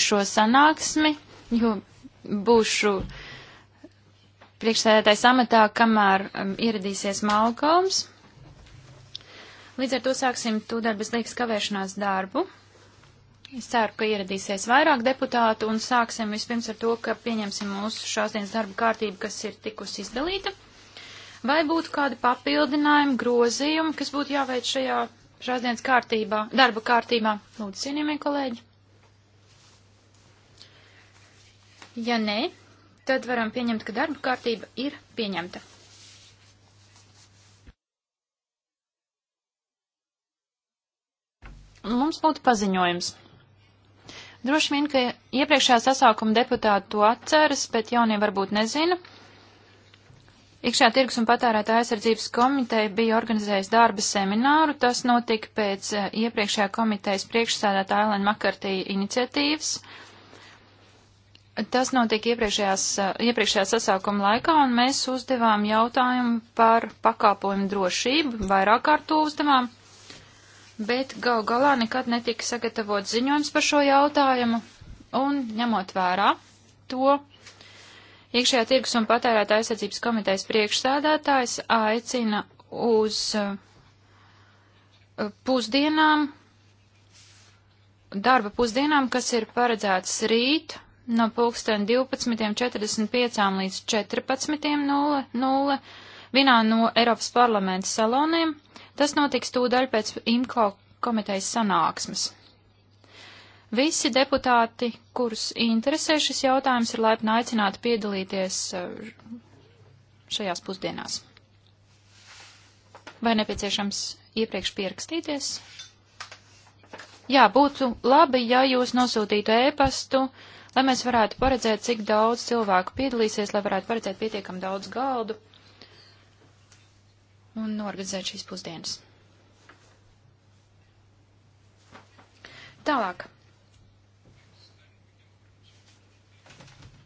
šo sanāksmi, jo būšu priekšsēdētājs amatā, kamēr um, ieradīsies Malkoms. Līdz ar to sāksim tūdēļ bez liekas kavēšanās darbu. Es ceru, ka ieradīsies vairāk deputātu un sāksim vispirms ar to, ka pieņemsim mūsu šāsdienas darba kārtību, kas ir tikusi izdalīta. Vai būtu kādi papildinājumi, grozījumi, kas būtu jāveic šajā šāsdienas kārtībā, darba kārtībā? Lūdzu, cienījamie kolēģi! Ja nē, tad varam pieņemt, ka darba kārtība ir pieņemta. Mums būtu paziņojums. Droši vien, ka iepriekšējā sasākuma deputāti to atceras, bet jaunie varbūt nezina. Iekšā tirgus un patērētā aizsardzības komiteja bija organizējis darba semināru. Tas notika pēc eh, iepriekšējā komitejas priekšsēdētāja Elena Makartī iniciatīvas. Uh, Tas notiek iepriekšējās, eh, iepriekšējā sasākuma laikā, un mēs uzdevām jautājumu par pakāpojumu drošību, vairāk kārt to uzdevām, bet gal galā nekad netika sagatavot ziņojums par šo jautājumu, un ņemot vērā to, iekšējā tirgus un patērētā aizsardzības komitejas priekšsēdētājs aicina uz eh, pusdienām, darba pusdienām, kas ir paredzētas rīt, no pulksten 12.45 līdz 14.00 vienā no Eiropas parlamenta saloniem. Tas notiks tūdaļ pēc IMCO komitejas sanāksmes. Visi deputāti, kurus interesē šis jautājums, ir laipni aicināti piedalīties eh, šajās pusdienās. Vai nepieciešams iepriekš pierakstīties? Jā, būtu labi, ja jūs nosūtītu ēpastu e lai mēs varētu paredzēt, cik daudz cilvēku piedalīsies, lai varētu paredzēt pietiekam daudz galdu un norganizēt šīs pusdienas. Tālāk.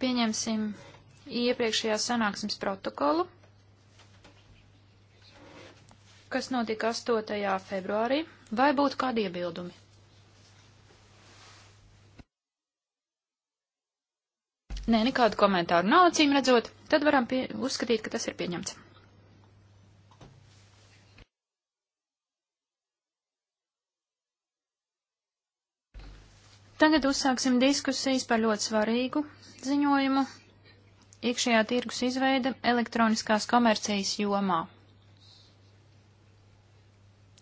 Pieņemsim iepriekšējās sanāksmes protokolu, kas notika 8. februārī, vai būtu kādi iebildumi? Nē, nekādu komentāru nav acīm redzot, tad varam pie, uzskatīt, ka tas ir pieņemts. Tagad uzsāksim diskusijas par ļoti svarīgu ziņojumu iekšējā tirgus izveida elektroniskās komercijas jomā.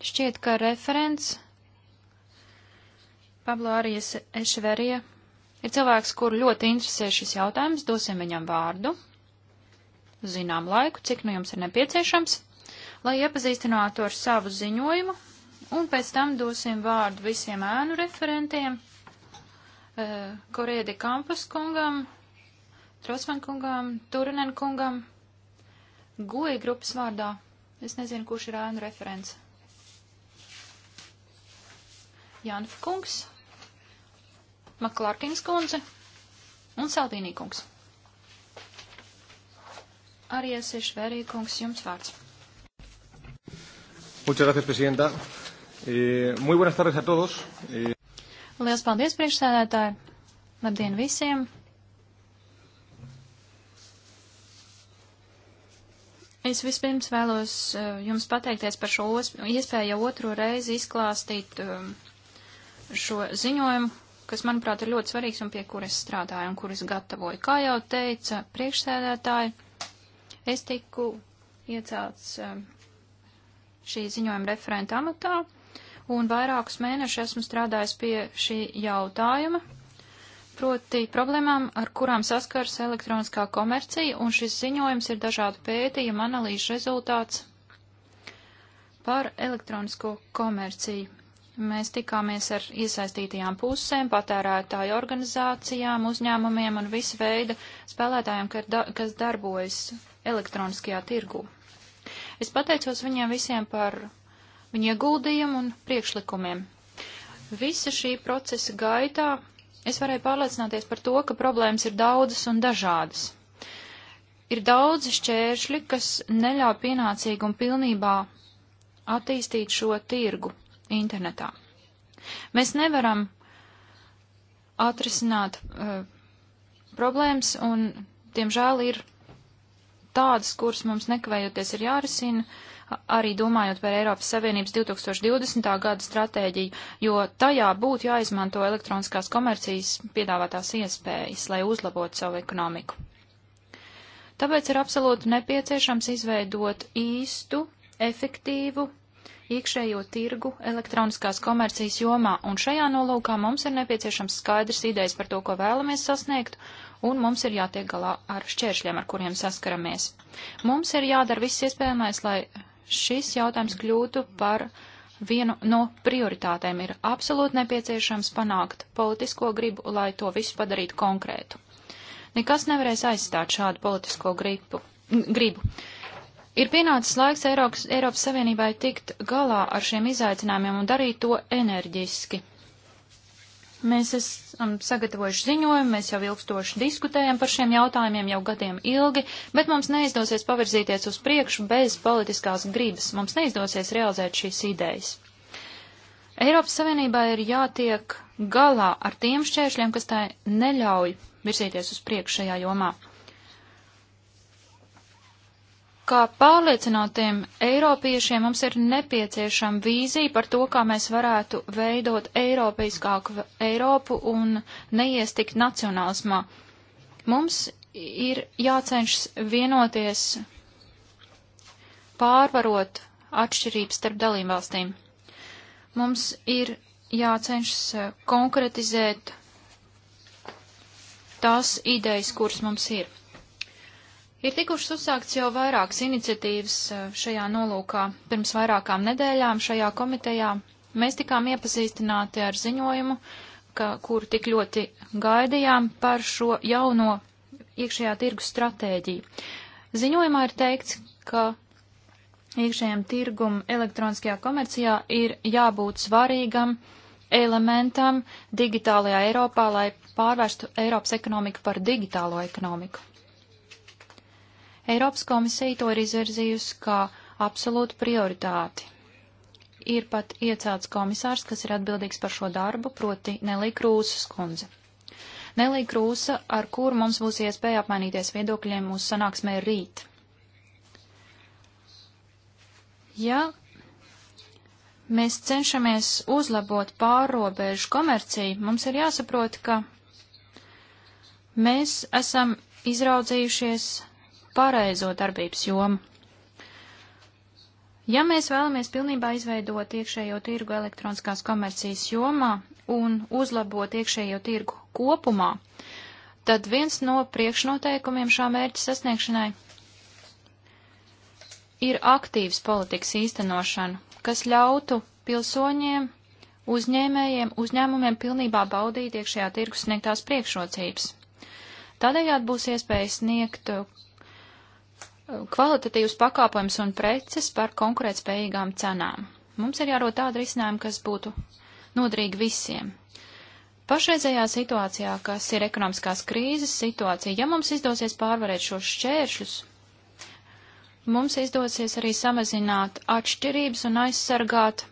Šķiet, ka referents Pablo Arijas Ešverija ir cilvēks, kuru ļoti interesē šis jautājums, dosim viņam vārdu, zinām laiku, cik nu jums ir nepieciešams, lai iepazīstinātu ar savu ziņojumu, un pēc tam dosim vārdu visiem ēnu referentiem, eh, Korēdi Kampas kungam, Trosman kungam, Turinen kungam, Goja grupas vārdā. Es nezinu, kurš ir ēnu referents. Janfa kungs. Maklārkins kundze un Saldīnī kungs. Arī esieši vērī kungs, jums vārds. Muchas gracias, presidenta. Eh, muy buenas tardes a todos. Eh... Lielas paldies, priekšsēdētāji. Labdien visiem. Es vispirms vēlos eh, jums pateikties par šo iespēju jau otro reizi izklāstīt eh, šo ziņojumu, kas, manuprāt, ir ļoti svarīgs un pie kuras strādāju un kuras gatavoju. Kā jau teica priekšsēdētāji, es tiku iecelts um, šī ziņojuma referenta amatā un vairākus mēnešus esmu strādājis pie šī jautājuma, proti problēmām, ar kurām saskars elektroniskā komercija, un šis ziņojums ir dažādu pētījumu analīžu rezultāts par elektronisko komerciju. Mēs tikāmies ar iesaistītajām pusēm, patērētāju organizācijām, uzņēmumiem un visu veidu spēlētājiem, kas darbojas elektroniskajā tirgū. Es pateicos viņiem visiem par viņu ieguldījumu un priekšlikumiem. Visa šī procesa gaitā es varēju pārliecināties par to, ka problēmas ir daudzas un dažādas. Ir daudzi šķēršļi, kas neļauj pienācīgi un pilnībā attīstīt šo tirgu internetā. Mēs nevaram atrisināt uh, problēmas, un, diemžēl, ir tādas, kuras mums nekavējoties ir jārisina, arī domājot par Eiropas Savienības 2020. gada stratēģiju, jo tajā būtu jāizmanto elektroniskās komercijas piedāvātās iespējas, lai uzlabotu savu ekonomiku. Tāpēc ir absolūti nepieciešams izveidot īstu, efektīvu iekšējo tirgu elektroniskās komercijas jomā, un šajā nolūkā mums ir nepieciešams skaidrs idejas par to, ko vēlamies sasniegt, un mums ir jātiek galā ar šķēršļiem, ar kuriem saskaramies. Mums ir jādara viss iespējamais, lai šis jautājums kļūtu par vienu no prioritātēm. Ir absolūti nepieciešams panākt politisko gribu, lai to visu padarītu konkrētu. Nekas nevarēs aizstāt šādu politisko gribu. gribu. Ir pienācis laiks Eiropas, Eiropas Savienībai tikt galā ar šiem izaicinājumiem un darīt to enerģiski. Mēs esam sagatavojuši ziņojumu, mēs jau ilgstoši diskutējam par šiem jautājumiem jau gadiem ilgi, bet mums neizdosies pavirzīties uz priekšu bez politiskās gribas. Mums neizdosies realizēt šīs idejas. Eiropas Savienībā ir jātiek galā ar tiem šķēršļiem, kas tai neļauj virzīties uz priekšu šajā jomā. Kā pārliecinātiem eiropiešiem mums ir nepieciešama vīzija par to, kā mēs varētu veidot eiropeiskāku Eiropu un neiestikt nacionālismā. Mums ir jācenšas vienoties pārvarot atšķirības starp dalībvalstīm. Mums ir jācenšas eh, konkretizēt tās idejas, kuras mums ir. Ir tikušas uzsākts jau vairākas iniciatīvas eh, šajā nolūkā. Pirms vairākām nedēļām šajā komitejā mēs tikām iepazīstināti ar ziņojumu, ka, kuru tik ļoti gaidījām par šo jauno iekšējā tirgus stratēģiju. Ziņojumā ir teikts, ka iekšējiem tirgum elektroniskajā komercijā ir jābūt svarīgam elementam digitālajā Eiropā, lai pārvērstu Eiropas ekonomiku par digitālo ekonomiku. Eiropas komisija to ir izvirzījusi kā absolūtu prioritāti. Ir pat iecelts komisārs, kas ir atbildīgs par šo darbu, proti Nelī Krūsas kundze. Nelī Krūsa, ar kuru mums būs iespēja apmainīties viedokļiem mūsu sanāksmē rīt. Ja mēs cenšamies uzlabot pārobežu komerciju, mums ir jāsaprot, ka mēs esam izraudzījušies pareizo darbības jomu. Ja mēs vēlamies pilnībā izveidot iekšējo tirgu elektroniskās komercijas jomā un uzlabot iekšējo tirgu kopumā, tad viens no priekšnoteikumiem šā mērķa sasniegšanai ir aktīvs politikas īstenošana, kas ļautu pilsoņiem, uzņēmējiem, uzņēmumiem pilnībā baudīt iekšējā tirgus sniegtās priekšrocības. Tādējādi būs iespēja sniegt kvalitatīvus pakāpojumus un preces par konkurētspējīgām cenām. Mums ir jārod tāda risinājuma, kas būtu noderīga visiem. Pašreizējā situācijā, kas ir ekonomiskās krīzes situācija, ja mums izdosies pārvarēt šos šķēršļus, mums izdosies arī samazināt atšķirības un aizsargāt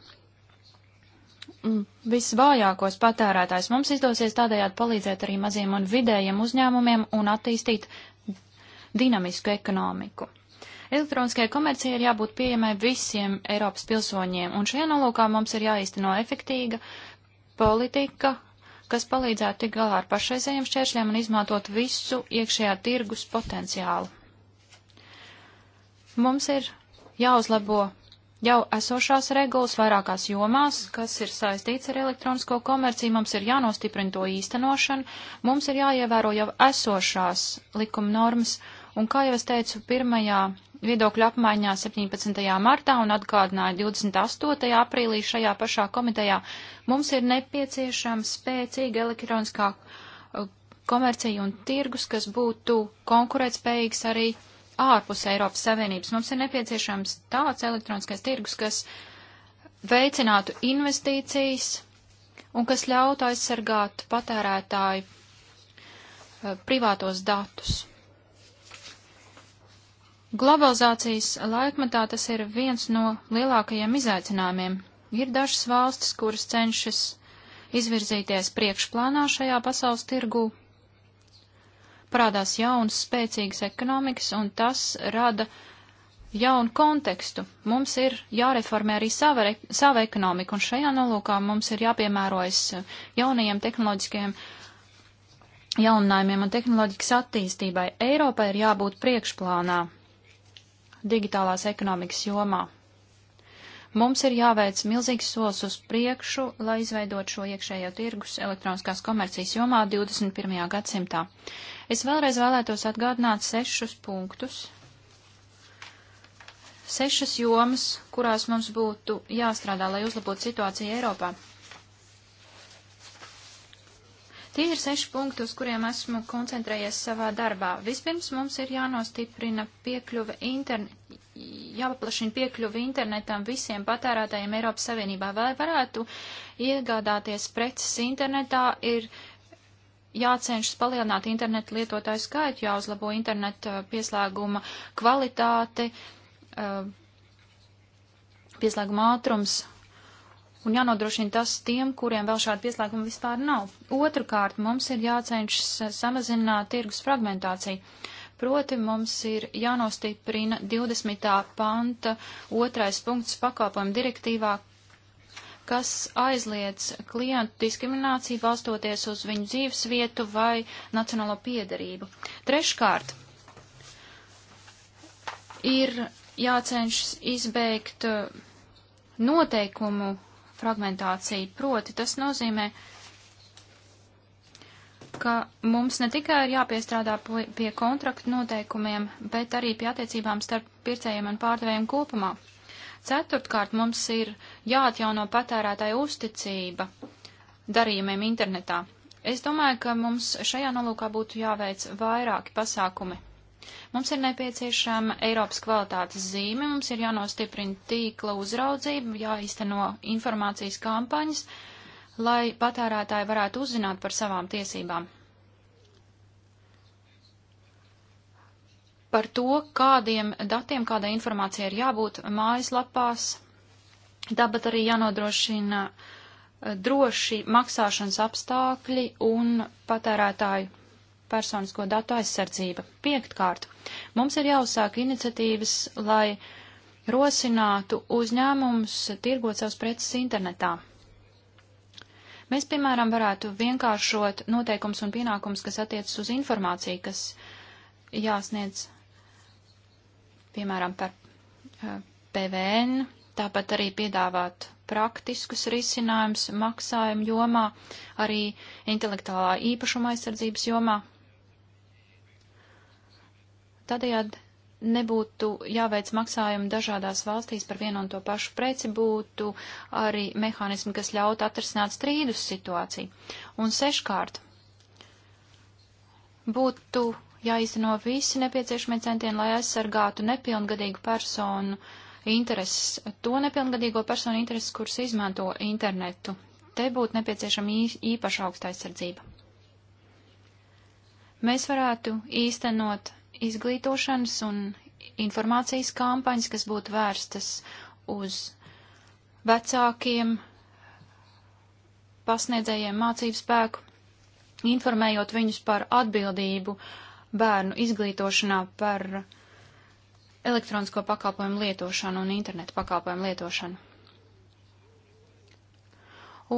mm, visvājākos patērētājs. Mums izdosies tādējādi palīdzēt arī maziem un vidējiem uzņēmumiem un attīstīt dinamisku ekonomiku. Elektroniskajai komercijai ir jābūt pieejamai visiem Eiropas pilsoņiem, un šajā nolūkā mums ir jāīsteno efektīga politika, kas palīdzētu tik galā ar pašreizējiem šķēršļiem un izmantot visu iekšējā tirgus potenciālu. Mums ir jāuzlabo jau esošās regulas vairākās jomās, kas ir saistīts ar elektronisko komerciju, mums ir jānostiprina to īstenošanu, mums ir jāievēro jau esošās likuma normas Un kā jau es teicu, pirmajā viedokļa apmaiņā 17. martā un atgādināju 28. aprīlī šajā pašā komitejā, mums ir nepieciešama spēcīga elektroniskā uh, komercija un tirgus, kas būtu konkurētspējīgs arī ārpus Eiropas Savienības. Mums ir nepieciešams tāds elektroniskais tirgus, kas veicinātu investīcijas un kas ļautu aizsargāt patērētāju uh, privātos datus. Globalizācijas laikmatā tas ir viens no lielākajiem izaicinājumiem. Ir dažas valstis, kuras cenšas izvirzīties priekšplānā šajā pasaules tirgū. Parādās jaunas, spēcīgas ekonomikas, un tas rada jaunu kontekstu. Mums ir jāreformē arī sava, re, sava ekonomika, un šajā nolūkā mums ir jāpiemērojas jaunajiem tehnoloģiskajiem jauninājumiem un tehnoloģikas attīstībai. Eiropai ir jābūt priekšplānā digitālās ekonomikas jomā. Mums ir jāveic milzīgs solis uz priekšu, lai izveidot šo iekšējo tirgus elektroniskās komercijas jomā 21. gadsimtā. Es vēlreiz vēlētos atgādināt sešus punktus, sešas jomas, kurās mums būtu jāstrādā, lai uzlabotu situāciju Eiropā. Tie ir seši punkti, uz kuriem esmu koncentrējies savā darbā. Vispirms mums ir jānostiprina piekļuve internetam, jāpaplašina piekļuve internetam visiem patērētājiem Eiropas Savienībā. Vai varētu iegādāties preces internetā, ir jācenšas palielināt internetu lietotāju skaitu, jāuzlabo internetu uh, pieslēguma kvalitāti, uh, pieslēguma ātrums un jānodrošina tas tiem, kuriem vēl šāda pieslēguma vispār nav. Otrakārt, mums ir jācenšas samazināt tirgus fragmentāciju. Proti mums ir jānostiprina 20. panta otrais punkts pakalpojumu direktīvā, kas aizliedz klientu diskrimināciju balstoties uz viņu dzīves vietu vai nacionālo piedarību. Treškārt, ir jācenšas izbeigt noteikumu fragmentācija. Proti, tas nozīmē, ka mums ne tikai ir jāpiestrādā pie kontraktu noteikumiem, bet arī pie attiecībām starp pircējiem un pārdevējiem kopumā. Ceturtkārt, mums ir jāatjauno patērētāja uzticība darījumiem internetā. Es domāju, ka mums šajā nolūkā būtu jāveic vairāki pasākumi. Mums ir nepieciešama Eiropas kvalitātes zīme, mums ir jānostiprina tīkla uzraudzība, jāizteno informācijas kampaņas, lai patērētāji varētu uzzināt par savām tiesībām. Par to, kādiem datiem, kādai informācijai ir jābūt mājaslapās, tāpat arī jānodrošina eh, droši maksāšanas apstākļi un patērētāju personisko datu aizsardzība. Piektkārt, mums ir jāuzsāk iniciatīvas, lai rosinātu uzņēmumus tirgot savus preces internetā. Mēs, piemēram, varētu vienkāršot noteikums un pienākums, kas attiecas uz informāciju, kas jāsniedz, piemēram, par eh, PVN, tāpat arī piedāvāt praktiskus risinājumus maksājumu jomā, arī intelektuālā īpašuma aizsardzības jomā. Tādējādi nebūtu jāveic maksājumi dažādās valstīs par vienu un to pašu preci, būtu arī mehānismi, kas ļautu atrasināt strīdus situāciju. Un seškārt, būtu jāizteno visi nepieciešamie centieni, lai aizsargātu nepilngadīgu personu intereses, to nepilngadīgo personu intereses, kuras izmanto internetu. Te būtu nepieciešama īpaša augsta aizsardzība. Mēs varētu īstenot izglītošanas un informācijas kampaņas, kas būtu vērstas uz vecākiem, pasniedzējiem mācību spēku, informējot viņus par atbildību bērnu izglītošanā par elektronisko pakalpojumu lietošanu un internetu pakalpojumu lietošanu.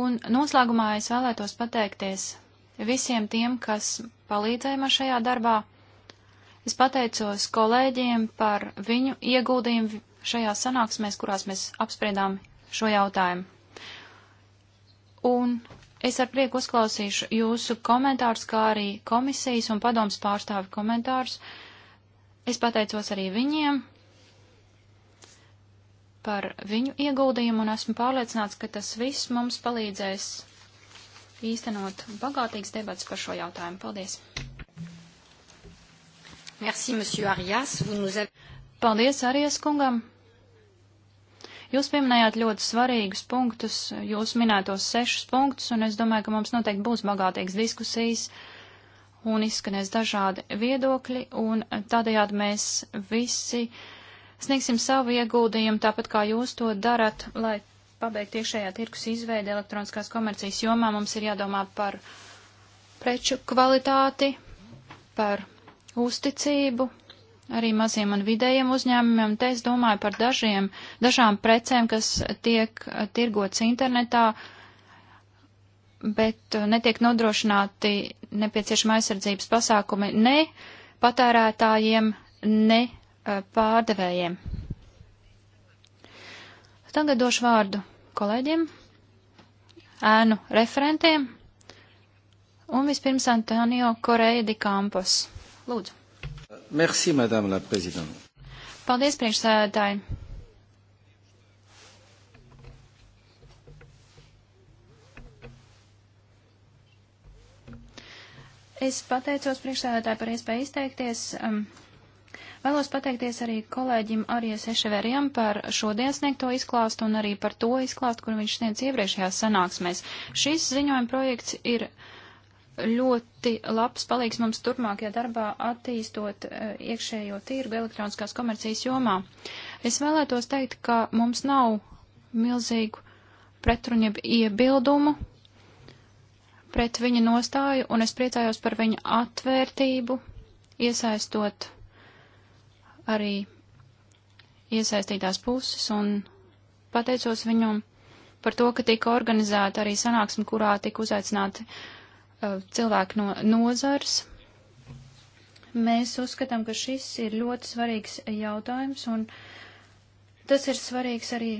Un noslēgumā es vēlētos pateikties visiem tiem, kas palīdzēja man šajā darbā Es pateicos kolēģiem par viņu ieguldījumu šajās sanāksmēs, kurās mēs apspriedām šo jautājumu. Un es ar prieku uzklausīšu jūsu komentārus, kā arī komisijas un padoms pārstāvi komentārus. Es pateicos arī viņiem par viņu ieguldījumu un esmu pārliecināts, ka tas viss mums palīdzēs īstenot bagātīgs debats par šo jautājumu. Paldies! Merci, monsieur Arias. Vous nous avez... Paldies, Arijas kungam. Jūs pieminējāt ļoti svarīgus punktus, jūs minētos sešus punktus, un es domāju, ka mums noteikti būs bagātīgas diskusijas un izskanēs dažādi viedokļi, un tādējādi mēs visi sniegsim savu ieguldījumu, tāpat kā jūs to darat, lai pabeigtu iekšējā tirkus izveidi elektroniskās komercijas jomā, mums ir jādomā par preču kvalitāti, par uzticību arī maziem un vidējiem uzņēmumiem. Te es domāju par dažiem, dažām precēm, kas tiek tirgots internetā, bet netiek nodrošināti nepieciešama aizsardzības pasākumi ne patērētājiem, ne eh, pārdevējiem. Tagad došu vārdu kolēģiem, ēnu referentiem un vispirms Antonio Koreja di Campos. Lūdzu. Merci, madame la prezidente. Paldies, priekšsēdētāji. Es pateicos priekšsēdētāji par iespēju izteikties. Um, Vēlos pateikties arī kolēģim Arijas Eševerijam par šodien sniegto izklāstu un arī par to izklāstu, kur viņš sniedz iepriekšējās sanāksmēs. Šis ziņojuma projekts ir ļoti labs palīgs mums turpmākajā darbā attīstot e, iekšējo tirgu elektroniskās komercijas jomā. Es vēlētos teikt, ka mums nav milzīgu pretruņu iebildumu pret viņa nostāju, un es priecājos par viņa atvērtību, iesaistot arī iesaistītās puses, un pateicos viņam par to, ka tika organizēta arī sanāksme, kurā tika uzaicināti uh, Uh, cilvēki no nozars. Mēs uzskatām, ka šis ir ļoti svarīgs jautājums, un tas ir svarīgs arī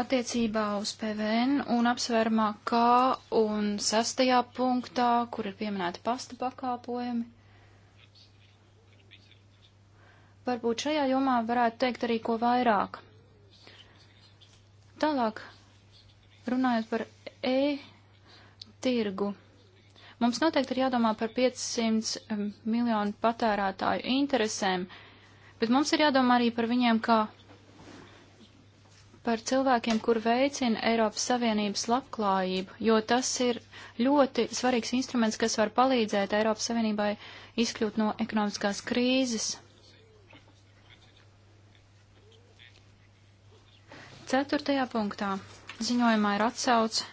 attiecībā uz PVN un apsvērumā K un sastajā punktā, kur ir pieminēti pasta pakāpojumi. Varbūt šajā jomā varētu teikt arī ko vairāk. Tālāk, runājot par E tirgu Mums noteikti ir jādomā par 500 miljonu patērētāju interesēm, bet mums ir jādomā arī par viņiem kā par cilvēkiem, kur veicina Eiropas Savienības labklājību, jo tas ir ļoti svarīgs instruments, kas var palīdzēt Eiropas Savienībai izkļūt no ekonomiskās krīzes. Ceturtajā punktā ziņojumā ir atsauce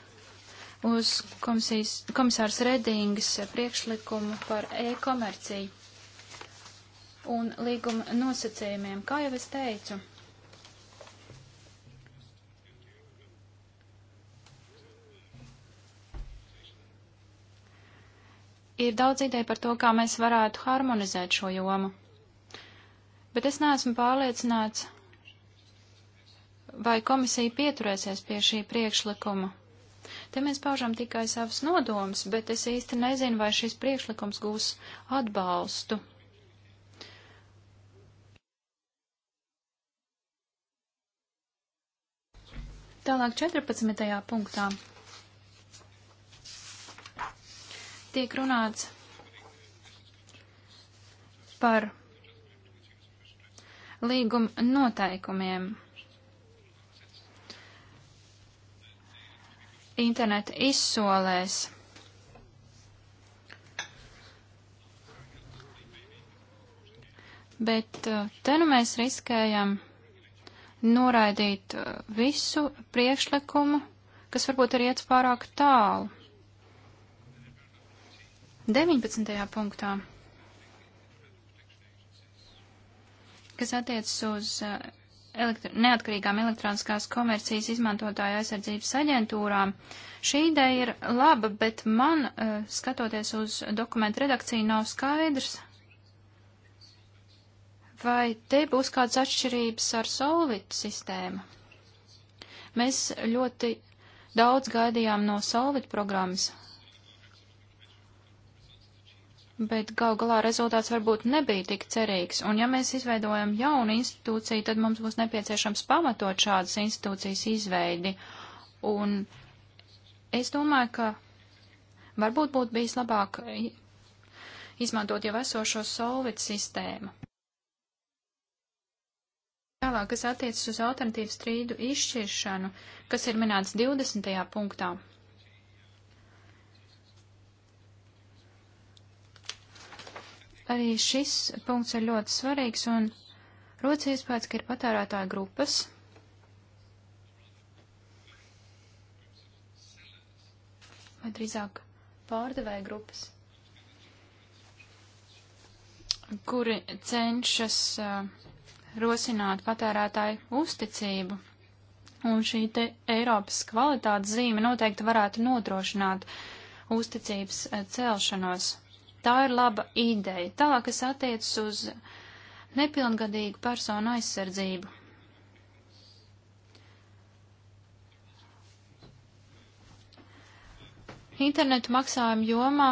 uz komisijas, komisārs Redingas priekšlikumu par e-komerciju un līguma nosacījumiem. Kā jau es teicu, ir daudz ideja par to, kā mēs varētu harmonizēt šo jomu. Bet es neesmu pārliecināts, vai komisija pieturēsies pie šī priekšlikuma. Te mēs paužam tikai savus nodomus, bet es īsti nezinu, vai šis priekšlikums gūs atbalstu. Tālāk 14. punktā tiek runāts par līguma noteikumiem. interneta izsolēs. Bet uh, te nu mēs riskējam noraidīt uh, visu priekšlikumu, kas varbūt ir iet pārāk tālu. 19. punktā, kas attiecas uz uh, elektri neatkarīgām elektroniskās komercijas izmantotāja aizsardzības aģentūrām. Šī ideja ir laba, bet man, eh, skatoties uz dokumentu redakciju, nav skaidrs, vai te būs kādas atšķirības ar Solvit sistēmu. Mēs ļoti daudz gaidījām no Solvit programmas, bet gal galā rezultāts varbūt nebija tik cerīgs, un ja mēs izveidojam jaunu institūciju, tad mums būs nepieciešams pamatot šādas institūcijas izveidi. Un es domāju, ka varbūt būtu bijis labāk izmantot jau esošo solvit sistēmu. Tālāk, kas attiecas uz alternatīvu strīdu izšķiršanu, kas ir minēts 20. punktā. arī šis punkts ir ļoti svarīgs un rodas iespējas, ka ir patērētāja grupas. Vai drīzāk pārdevēja grupas, kuri cenšas uh, rosināt patērētāju uzticību. Un šī te Eiropas kvalitātes zīme noteikti varētu nodrošināt uzticības eh, celšanos. Tā ir laba ideja. Tā, kas attiecas uz nepilngadīgu personu aizsardzību. Internetu maksājumu jomā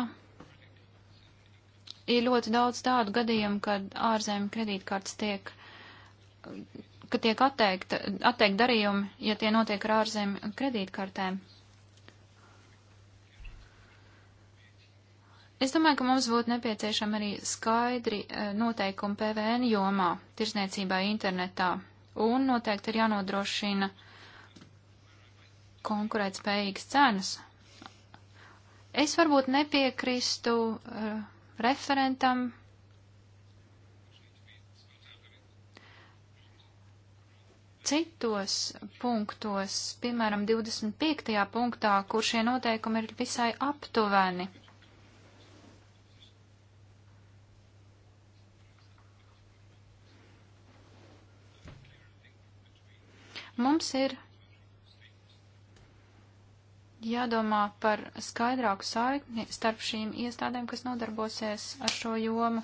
ir ļoti daudz tādu gadījumu, kad ārzemju kredītkartes tiek, ka tiek atteikta, atteikt darījumi, ja tie notiek ar ārzemju kredītkartēm. Es domāju, ka mums būtu nepieciešama arī skaidri eh, noteikumi PVN jomā, tirsniecībā internetā, un noteikti ir jānodrošina konkurētspējīgas cenas. Es varbūt nepiekristu uh, referentam. Citos punktos, piemēram, 25. punktā, kur šie noteikumi ir visai aptuveni. Mums ir jādomā par skaidrāku saikni starp šīm iestādēm, kas nodarbosies ar šo jomu.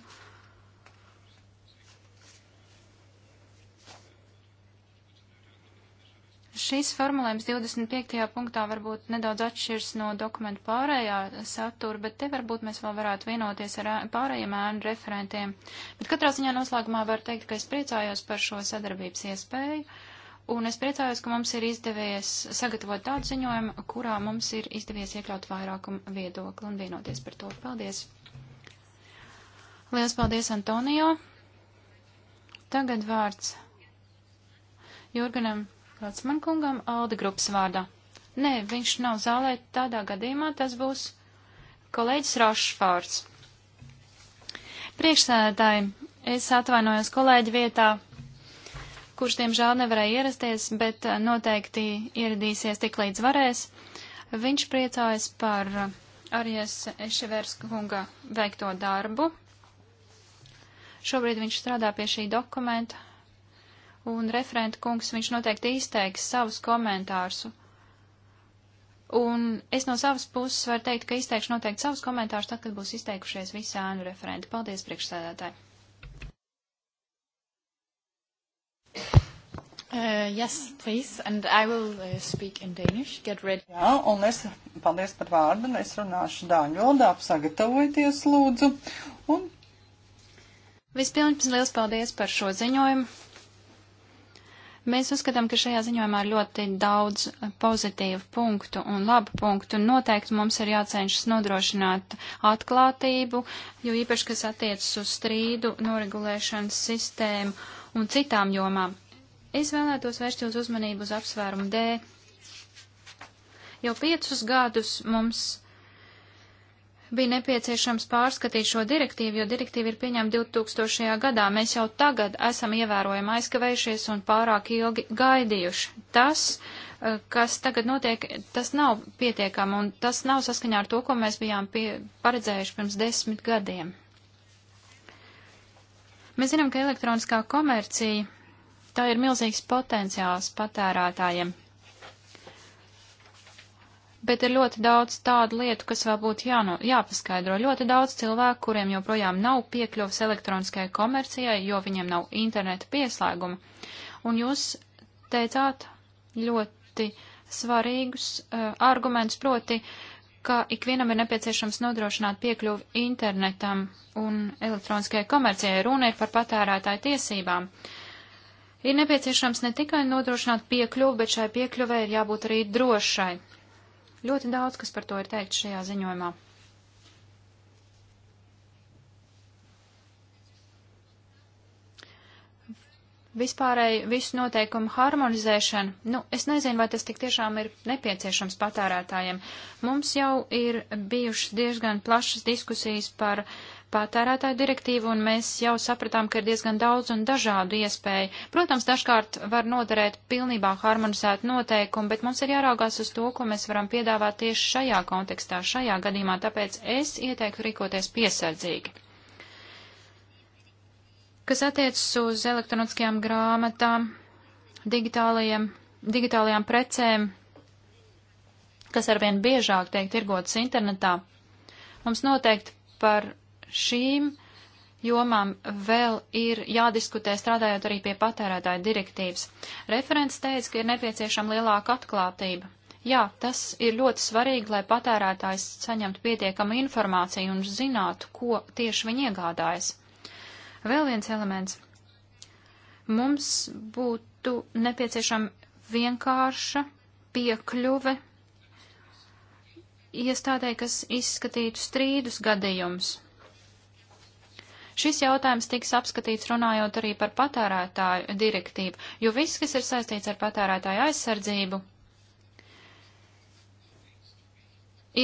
Šīs formulējums 25. punktā varbūt nedaudz atšķirs no dokumentu pārējā satura, bet te varbūt mēs vēl varētu vienoties ar pārējiem ēnu referentiem. Bet katrā ziņā noslēgumā var teikt, ka es priecājos par šo sadarbības iespēju. Uh, Un es priecājos, ka mums ir izdevies sagatavot tādu ziņojumu, kurā mums ir izdevies iekļaut vairākumu viedokli un vienoties par to. Paldies! Lielas paldies, Antonio! Tagad vārds Jurganam Latsman kungam Alda grupas vārdā. Nē, viņš nav zālē, tādā gadījumā tas būs kolēģis Rošfārds. Priekšsēdētāji, es atvainojos kolēģi vietā kurš diemžēl nevarēja ierasties, bet eh, noteikti ieradīsies tik līdz varēs. Viņš priecājas par eh, Arijas Eševerskunga veikto darbu. Šobrīd viņš strādā pie šī dokumenta, un referenta kungs viņš noteikti izteiks savus komentārus. Un es no savas puses varu teikt, ka izteikšu noteikti savus komentārus, tad, kad būs izteikušies visi ēnu referenti. Paldies, priekšsēdētāji! Uh, yes, please, and I will uh, speak in Danish. Get ready. Jā, un es, paldies par vārdu, es runāšu dāņu valodā, sagatavojieties lūdzu. Un... Vispirms liels paldies par šo ziņojumu. Mēs uzskatām, ka šajā ziņojumā ir ļoti daudz uh, pozitīvu punktu un labu punktu, un noteikti mums ir jācenšas nodrošināt atklātību, jo īpaši, kas attiecas uz strīdu noregulēšanas sistēmu un citām jomām. Es vēlētos vērst jūs uzmanību uz apsvērumu D. Jau piecus gadus mums bija nepieciešams pārskatīt šo direktīvu, jo direktīva ir pieņemta 2000. gadā. Mēs jau tagad esam ievērojami aizkavējušies un pārāk ilgi gaidījuši. Tas, eh, kas tagad notiek, tas nav pietiekami un tas nav saskaņā ar to, ko mēs bijām pie, paredzējuši pirms desmit gadiem. Mēs zinām, ka elektroniskā komercija tā ir milzīgs potenciāls patērētājiem. Bet ir ļoti daudz tādu lietu, kas vēl būtu jāno, jāpaskaidro. Ļoti daudz cilvēku, kuriem joprojām nav piekļuvs elektroniskajai komercijai, jo viņiem nav interneta pieslēguma. Un jūs teicāt ļoti svarīgus uh, argumentus, proti uh, ka ikvienam ir nepieciešams nodrošināt piekļuvi internetam un elektroniskajai komercijai. Runa ir par patērētāju tiesībām. Ir nepieciešams ne tikai nodrošināt piekļuvi, bet šai piekļuvē ir jābūt arī drošai. Ļoti daudz, kas par to ir teikt šajā ziņojumā. vispārēji visu noteikumu harmonizēšana, nu, es nezinu, vai tas tik tiešām ir nepieciešams patērētājiem. Mums jau ir bijušas diezgan plašas diskusijas par patērētāju direktīvu, un mēs jau sapratām, ka ir diezgan daudz un dažādu iespēju. Protams, dažkārt var noderēt pilnībā harmonizēt noteikumu, bet mums ir jāraugās uz to, ko mēs varam piedāvāt tieši šajā kontekstā, šajā gadījumā, tāpēc es ieteiktu rīkoties piesardzīgi. Kas attiecas uz elektroniskajām grāmatām, digitālajām precēm, kas arvien biežāk tiek tirgotas internetā, mums noteikti par šīm jomām vēl ir jādiskutē strādājot arī pie patērētāja direktīvas. Referents teica, ka ir nepieciešama lielāka atklātība. Jā, tas ir ļoti svarīgi, lai patērētājs saņemtu pietiekamu informāciju un zinātu, ko tieši viņi iegādājas. Vēl viens elements. Mums būtu nepieciešama vienkārša piekļuve iestādē, kas izskatītu strīdus gadījumus. Šis jautājums tiks apskatīts runājot arī par patērētāju direktīvu, jo viss, kas ir saistīts ar patērētāju aizsardzību,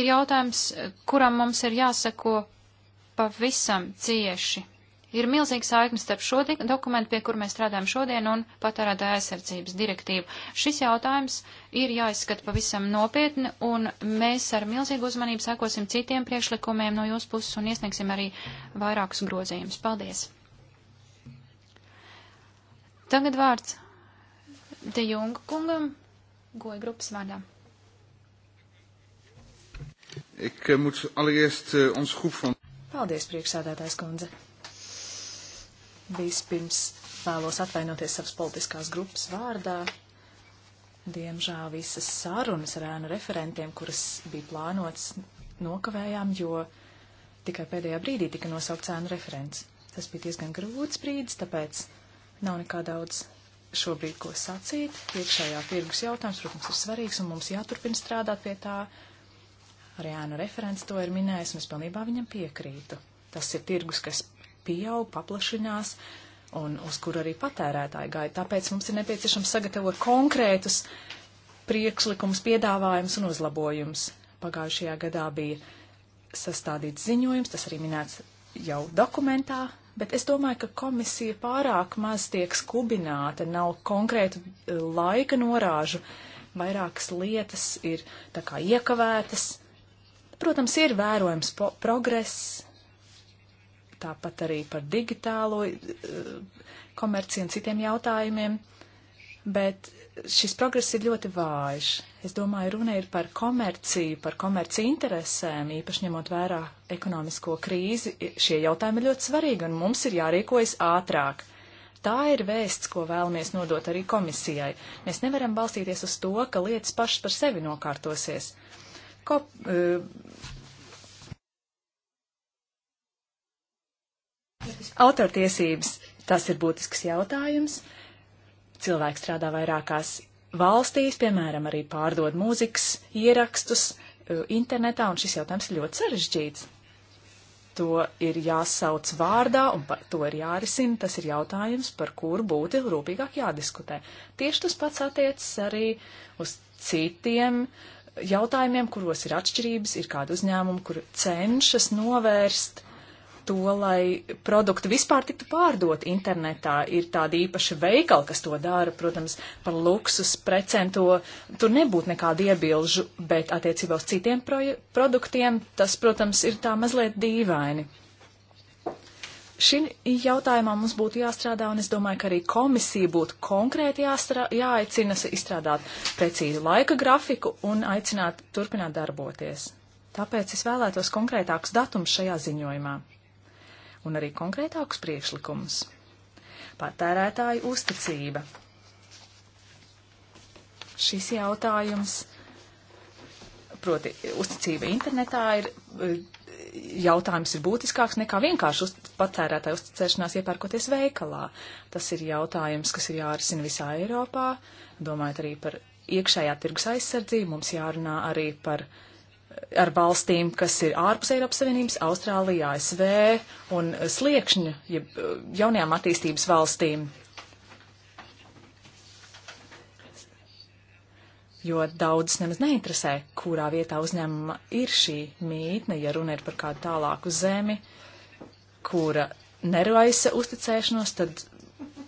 ir jautājums, kuram mums ir jāsako pavisam cieši. Ir milzīgs saiknis starp šo dokumentu, pie kur mēs strādājam šodien, un patērētāja aizsardzības direktīvu. Šis jautājums ir jāizskata pavisam nopietni, un mēs ar milzīgu uzmanību sekosim citiem priekšlikumiem no jūsu puses un iesniegsim arī vairākus grozījumus. Paldies! Tagad vārds De Junga kungam, goja grupas vārdā. Ik eh, moet allereerst uh, ons groep van. Paldies, priekšsādātājs kundze. Vispirms vēlos atvainoties savas politiskās grupas vārdā. Diemžēl visas sarunas ar ēnu referentiem, kuras bija plānotas, nokavējām, jo tikai pēdējā brīdī tika nosaukts ēnu referents. Tas bija diezgan grūts brīdis, tāpēc nav nekā daudz šobrīd ko sacīt. Iekšējā tirgus jautājums, protams, ir svarīgs un mums jāturpina strādāt pie tā. Arī ēnu referents to ir minējis un es pilnībā viņam piekrītu. Tas ir tirgus, kas pieaug, paplašinās un uz kuru arī patērētāji gaida. Tāpēc mums ir nepieciešams sagatavot konkrētus priekšlikumus, piedāvājumus un uzlabojumus. Pagājušajā gadā bija sastādīts ziņojums, tas arī minēts jau dokumentā, bet es domāju, ka komisija pārāk maz tiek skubināta, nav konkrētu e, laika norāžu, vairākas lietas ir tā kā iekavētas. Protams, ir vērojams progress, tāpat arī par digitālo eh, komerciju un citiem jautājumiem, bet šis progress ir ļoti vājš. Es domāju, runa ir par komerciju, par komerci interesēm, īpaši ņemot vērā ekonomisko krīzi. Šie jautājumi ir ļoti svarīgi un mums ir jārīkojas ātrāk. Tā ir vēsts, ko vēlamies nodot arī komisijai. Mēs nevaram balstīties uz to, ka lietas pašas par sevi nokārtosies. Ko, uh, eh, Autortiesības tas ir būtisks jautājums. Cilvēks strādā vairākās valstīs, piemēram, arī pārdod mūzikas ierakstus e, internetā, un šis jautājums ir ļoti sarežģīts. To ir jāsauc vārdā, un par to ir jārisina. Tas ir jautājums, par kuru būtu rūpīgāk jādiskutē. Tieši tas pats attiecas arī uz citiem jautājumiem, kuros ir atšķirības, ir kāda uzņēmuma, kur cenšas novērst to, lai produkti vispār tiktu pārdot internetā. Ir tāda īpaša veikala, kas to dara, protams, par luksus precēm to tur nebūtu nekāda iebilžu, bet attiecībā uz citiem produktiem tas, protams, ir tā mazliet dīvaini. Šim jautājumam mums būtu jāstrādā, un es domāju, ka arī komisija būtu konkrēti jāstrā, jāaicina izstrādāt precīzu laika grafiku un aicināt turpināt darboties. Tāpēc es vēlētos konkrētākus datumus šajā ziņojumā un arī konkrētākus priekšlikumus. Patērētāju uzticība. Šis jautājums, proti, uzticība internetā ir jautājums ir būtiskāks nekā vienkārši uz, patērētāju uzticēšanās iepērkoties veikalā. Tas ir jautājums, kas ir jārisina visā Eiropā, domājot arī par iekšējā tirgus aizsardzību, mums jārunā arī par uh, ar valstīm, kas ir ārpus Eiropas Savienības, Austrālija, ASV un sliekšņa ja eh, jaunajām attīstības valstīm. Jo daudz nemaz neinteresē, kurā vietā uzņēmuma ir šī mītne, ja runa ir par kādu tālāku zemi, kura neraisa uzticēšanos, tad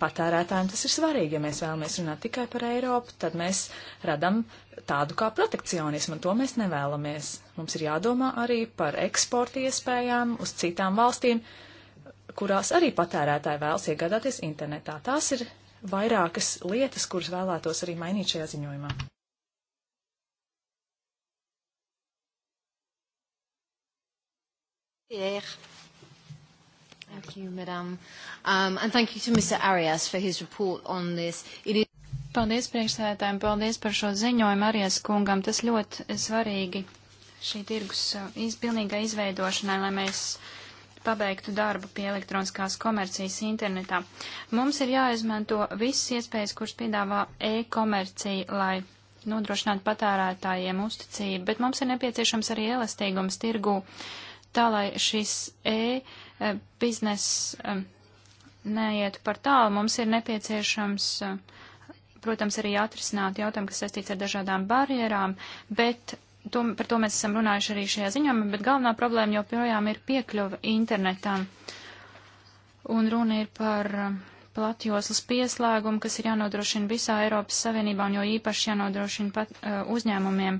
patērētājiem tas ir svarīgi. Ja mēs vēlamies runāt tikai par Eiropu, tad mēs radam tādu kā protekcionismu, un to mēs nevēlamies. Mums ir jādomā arī par eksporta iespējām uz citām valstīm, kurās arī patērētāji vēlas iegādāties internetā. Tās ir vairākas lietas, kuras vēlētos arī mainīt šajā ziņojumā. Yeah. Thank you, Madam. Um, and thank you to Mr. Arias for his report on this. It is Paldies priekšsēdētājiem, paldies par šo ziņojumu Arijas kungam. Tas ļoti svarīgi šī tirgus uh, iz, pilnīgai izveidošanai, lai mēs pabeigtu darbu pie elektroniskās komercijas internetā. Mums ir jāizmanto visas iespējas, kuras piedāvā e-komercija, lai nodrošinātu patērētājiem uzticību, bet mums ir nepieciešams arī elastīgums tirgū, tā lai šis e-biznes e, um, neietu par tālu. Mums ir nepieciešams uh, protams, arī atrisināt jautājumu, kas saistīts ar dažādām barjerām, bet to, par to mēs esam runājuši arī šajā ziņojumā, bet galvenā problēma joprojām ir piekļuva internetam. Un runa ir par um, platjoslas pieslēgumu, kas ir jānodrošina visā Eiropas Savienībā un jo īpaši jānodrošina pat uh, uzņēmumiem.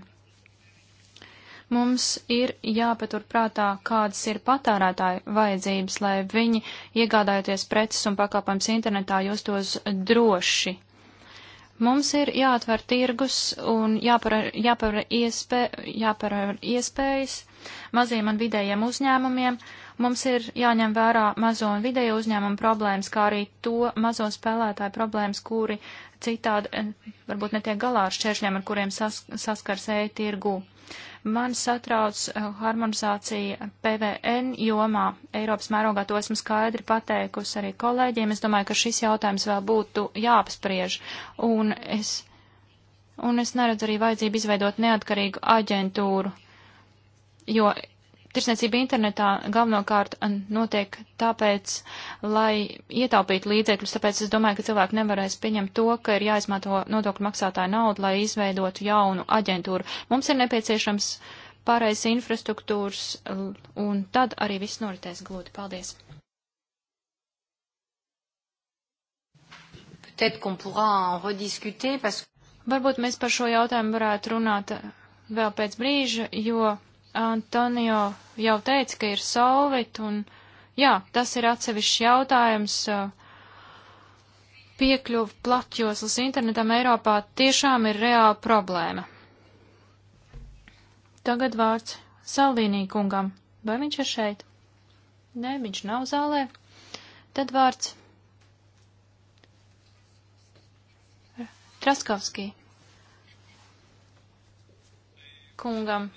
Mums ir jāpatur prātā, kādas ir patērētāju vajadzības, lai viņi iegādājoties preces un pakalpojums internetā justos droši Mums ir jāatver tirgus un jāpara, jāpara, iespē, jāpara iespējas maziem un vidējiem uzņēmumiem, uh, Mums ir jāņem vērā mazo un vidēju uzņēmumu problēmas, kā arī to mazo spēlētāju problēmas, kuri citādi eh, varbūt netiek galā ar šķēršļiem, ar kuriem sas, saskars e-tirgu. Man satrauc eh, harmonizācija PVN jomā. Eiropas mērogā to esmu skaidri pateikusi arī kolēģiem. Es domāju, ka šis jautājums vēl būtu jāapspriež. Un es, un es neredzu arī vajadzību izveidot neatkarīgu aģentūru, jo Tirsniecība internetā galvenokārt eh, notiek tāpēc, lai ietaupītu līdzekļus, tāpēc es domāju, ka cilvēki nevarēs pieņemt to, ka ir jāizmanto nodokļu maksātāju naudu, lai izveidotu jaunu aģentūru. Mums ir nepieciešams pārējais infrastruktūras, eh, un tad arī viss noritēs glūti. Paldies! Varbūt mēs par šo jautājumu varētu runāt eh, vēl pēc brīža, jo Antonio jau teica, ka ir solvit, un jā, tas ir atsevišķs jautājums. Piekļuvu platjoslas internetam Eiropā tiešām ir reāla problēma. Tagad vārds Saldīnī kungam. Vai viņš ir šeit? Nē, viņš nav zālē. Tad vārds Traskovskij kungam.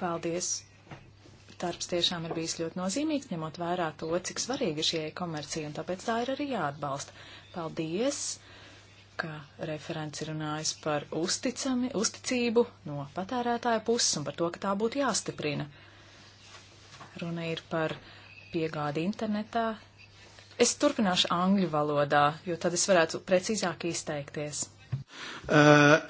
Paldies! Darbs tiešām ir bijis ļoti nozīmīgs, ņemot vērā to, cik svarīga ir šī e-komercija, un tāpēc tā ir arī jāatbalsta. Paldies, ka referents ir runājis par uzticami, uzticību no patērētāja puses un par to, ka tā būtu jāstiprina. Runa ir par piegādi internetā. Es turpināšu angļu valodā, jo tad es varētu precīzāk izteikties. Uh,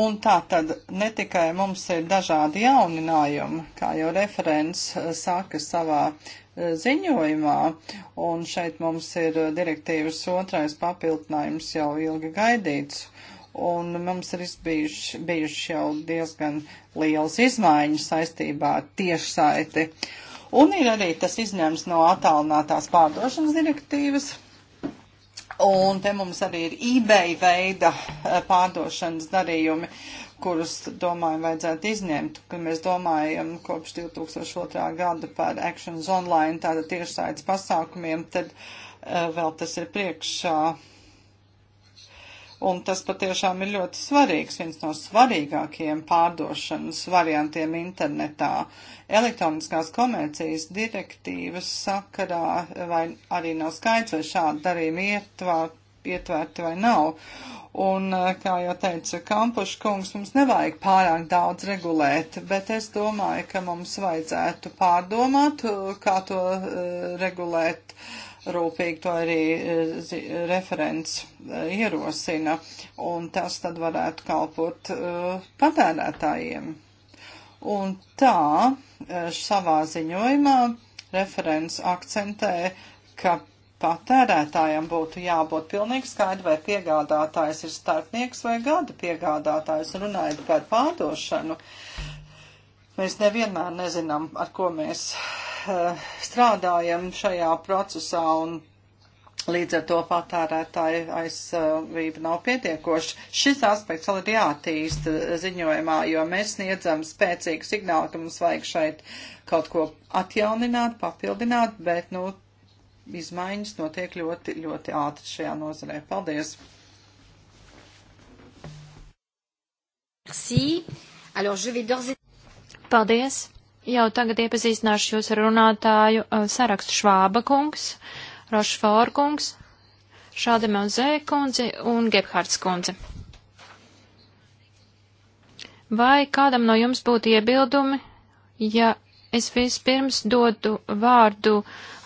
Un tā tad ne tikai mums ir dažādi jauninājumi, kā jau referents uh, saka savā uh, ziņojumā, un šeit mums ir uh, direktīvas otrais papildinājums jau ilgi gaidīts, un mums ir bijuši, bijuši jau diezgan liels izmaiņas saistībā ar tiešsaiti. Un ir arī tas izņēmums no attālinātās pārdošanas direktīvas, Un te mums arī ir eBay veida eh, pārdošanas darījumi, kurus, domāju, vajadzētu izņemt, kad mēs domājam kopš 2002. gada par Actions Online, tāda tiešsaites pasākumiem, tad uh, vēl tas ir priekšā. Uh, Un tas patiešām ir ļoti svarīgs, viens no svarīgākajiem pārdošanas variantiem internetā. Elektroniskās komercijas direktīvas sakarā vai arī nav skaidrs, vai šādi darījumi ietvērt, ietverti vai nav. Un, eh, kā jau teica Kampuša kungs, mums nevajag pārāk daudz regulēt, bet es domāju, ka mums vajadzētu pārdomāt, eh, kā to uh, regulēt. Uh, rūpīgi to arī e, referents e, ierosina, un tas tad varētu kalpot uh, patērētājiem. Un tā savā ziņojumā referents akcentē, ka patērētājiem būtu jābūt pilnīgi skaidri, vai piegādātājs ir starpnieks vai gada piegādātājs, runājot par pārdošanu. Mēs nevienmēr nezinām, ar ko mēs Eh, strādājam šajā procesā un līdz ar to patērētāju aizsardzība nav pietiekoša. Šis aspekts vēl ir jātīsta eh, ziņojumā, jo mēs sniedzam spēcīgu signālu, ka mums vajag šeit kaut ko atjaunināt, papildināt, bet, nu, izmaiņas notiek ļoti, ļoti ātri šajā nozarē. Paldies! Merci. Alors, je vais d'ores et Paldies! jau tagad iepazīstināšu jūs ar runātāju uh, sarakstu Švāba kungs, Rošfor kungs, Šaldemozē kundzi un Gebhards kundzi. Vai kādam no jums būtu iebildumi, ja es vispirms dodu vārdu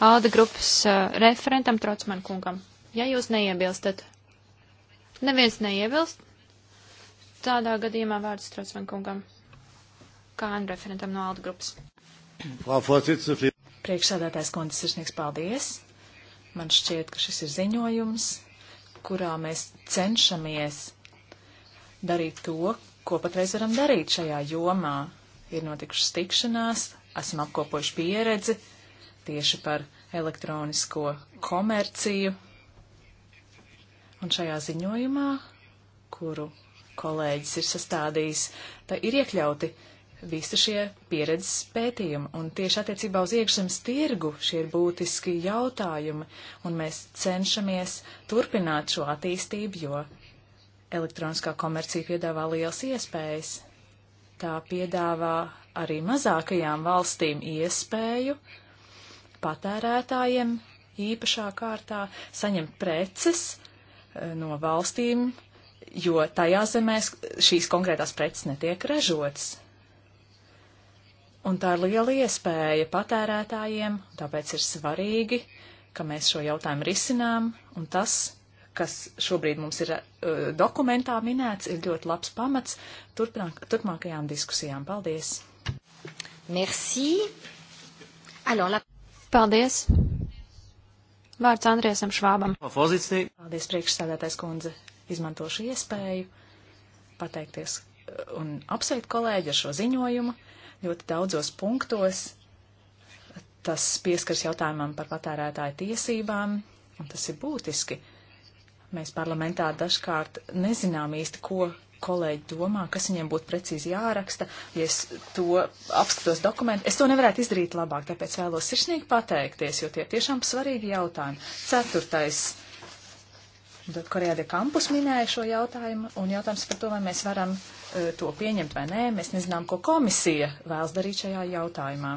Alda grupas uh, referentam Trocman kungam? Ja jūs neiebilstat. Neviens neiebilst. Tādā gadījumā vārds Trocman kungam. Kāna referentam no Alda grupas. Priekšsēdētājs kundzes sirsnīgs paldies. Man šķiet, ka šis ir ziņojums, kurā mēs cenšamies darīt to, ko patreiz varam darīt šajā jomā. Ir notikušas tikšanās, esam apkopojuši pieredzi tieši par elektronisko komerciju. Un šajā ziņojumā, kuru kolēģis ir sastādījis, tā ir iekļauti visi šie pieredzes pētījumi, un tieši attiecībā uz iekšzemes tirgu šie ir būtiski jautājumi, un mēs cenšamies turpināt šo attīstību, jo elektroniskā komercija piedāvā liels iespējas. Tā piedāvā arī mazākajām valstīm iespēju patērētājiem īpašā kārtā saņemt preces eh, no valstīm, jo tajā zemēs šīs konkrētās preces netiek ražotas Un tā ir liela iespēja patērētājiem, tāpēc ir svarīgi, ka mēs šo jautājumu risinām, un tas, kas šobrīd mums ir uh, dokumentā minēts, ir ļoti labs pamats turpmāk, turpmākajām diskusijām. Paldies! Merci! Alors, la... Paldies! Vārds Andriesam Švābam. Paldies, priekšsēdētais kundze. Izmantošu iespēju pateikties uh, un apsveikt kolēģi ar šo ziņojumu ļoti daudzos punktos. Tas pieskars jautājumam par patērētāju tiesībām, un tas ir būtiski. Mēs parlamentā dažkārt nezinām īsti, ko kolēģi domā, kas viņiem būtu precīzi jāraksta. Ja es to apskatos dokumentu, es to nevarētu izdarīt labāk, tāpēc vēlos sirsnīgi pateikties, jo tie tiešām svarīgi jautājumi. Ceturtais Tad Korejā de Kampus minēja šo jautājumu, un jautājums par to, vai mēs varam uh, to pieņemt vai nē. Mēs nezinām, ko komisija vēlas darīt šajā jautājumā